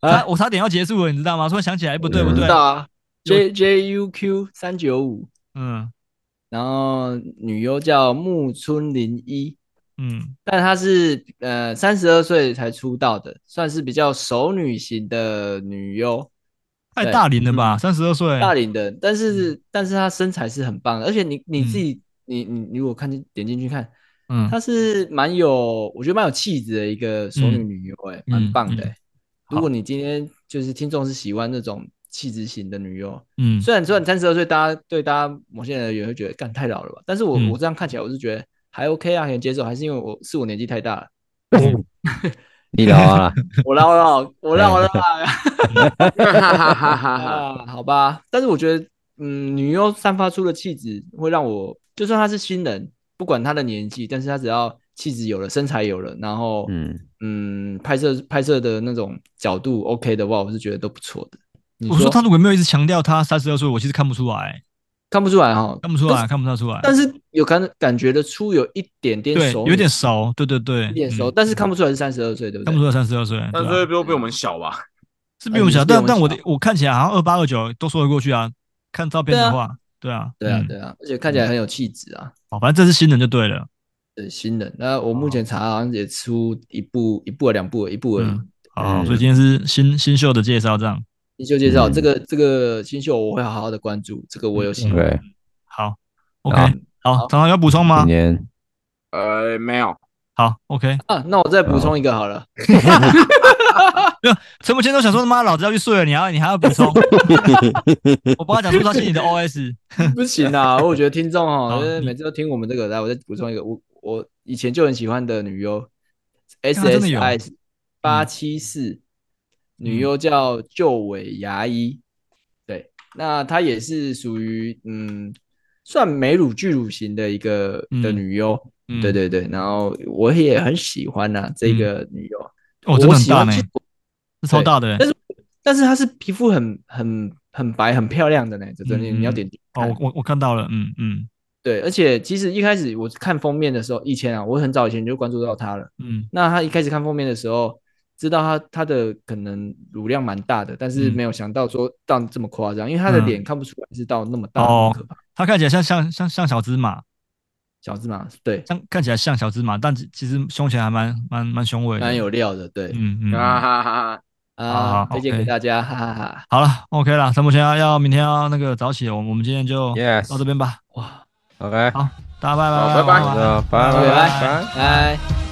啊， (laughs) (laughs) (laughs) (laughs) (laughs) (laughs) 我差點要結束了，你知道嗎？突然想起來，不對，不對啊。J J U Q 三九五，嗯，然後女優叫木村綾衣。嗯，但她是呃三十二歲才出道的，算是比較熟女型的女優，太大齡了吧？三十二歲，大齡的，但是、嗯、但是她身材是很棒的，而且你你自己、嗯、你你你如果看進點進去看，她、嗯、是蠻有我覺得蠻有氣質的一個熟女女優、欸，哎、嗯，蠻棒的、欸嗯嗯。如果你今天就是聽眾是喜歡那種氣質型的女優，嗯，雖然說你三十二歲，大家對大家某些人也會覺得幹太老了吧，但是我、嗯、我這樣看起來，我是覺得。還 OK 啊，很接受，還是因為我是我年紀太大了。嗯、你老啊， (laughs) 我老了，我老我老了。哈哈哈！ (laughs) (laughs) (laughs) 好吧，但是我覺得，嗯，女優散發出的氣質會讓我，就算她是新人，不管她的年紀，但是她只要氣質有了，身材有了，然後嗯嗯，拍攝拍攝的那種角度 OK 的話，我是覺得都不錯的。我說她如果沒有一直強調她三十二歲，我其實看不出來。看不出來哈，看不出來，看不太出來。但是有感感覺得出有一點點熟，有點熟，對對對，有點熟、嗯。但是看不出來是三十二歲，對不對？看不出來三十二歲，三十二歲不會比我們小吧？是比我們小。嗯、但我小但我我看起來好像二八二九都說得過去啊。看照片的話，對啊，對啊，對啊，對，啊，、嗯、對，啊對啊，而且看起來很有氣質啊、嗯。哦，反正這是新人就對了。對新人，那我目前查好像也出一部、哦、一部、兩部、一部、嗯對對對對。好，所以今天是新新秀的介紹，這樣。你就介紹、嗯、這個這個新秀我會好好的關注，這個我有興趣。好、嗯、OK，好，堂堂有補充嗎？幾年？呃，沒有。好，OK，啊、那我再補充一個好了。哈哈哈哈哈！陳 (laughs) 木 (laughs) 都想說他媽老子要去睡了，你要你還要補充？哈哈哈哈哈哈！我幫他講說他是你的 OS。 (laughs) (laughs) 不行啊，我覺得聽眾哦，就是每次都聽我們這個，來，我再補充一個。我我以前就很喜歡的女優，SSIS 八七四。女優叫鷲尾芽衣，對，那她也是屬於嗯，算美乳巨乳型的一個的女優、嗯嗯，對對對。然後我也很喜歡吶、啊、這個女優、嗯，哦，真的很大呢，是超大的。但是但是她是皮膚很很很白，很漂亮的呢、嗯。這、嗯、裡你要點點哦，我我看到了，嗯嗯，對。而且其實一開始我看封面的時候，以前啊，我很早以前就關注到她了。嗯，那她一開始看封面的時候。知道他他的可能乳量蠻大的，但是沒有想到說到這麼誇張，因為他的臉看不出來是到那麼大、嗯、哦。他看起來像像像像小芝麻，小芝麻對，像看起來像小芝麻，但其實胸前還蠻蠻蠻雄偉，蠻有料的，對，嗯，嗯啊哈哈哈,哈啊,好好啊，推、okay、薦給大家，哈哈,哈,哈。好了，OK 了，陳木強要明天要那個早起，我我們今天就到這邊吧。Yes. 哇，OK，好，大家拜,拜,拜,拜,拜拜，拜拜，拜拜，拜拜，拜,拜。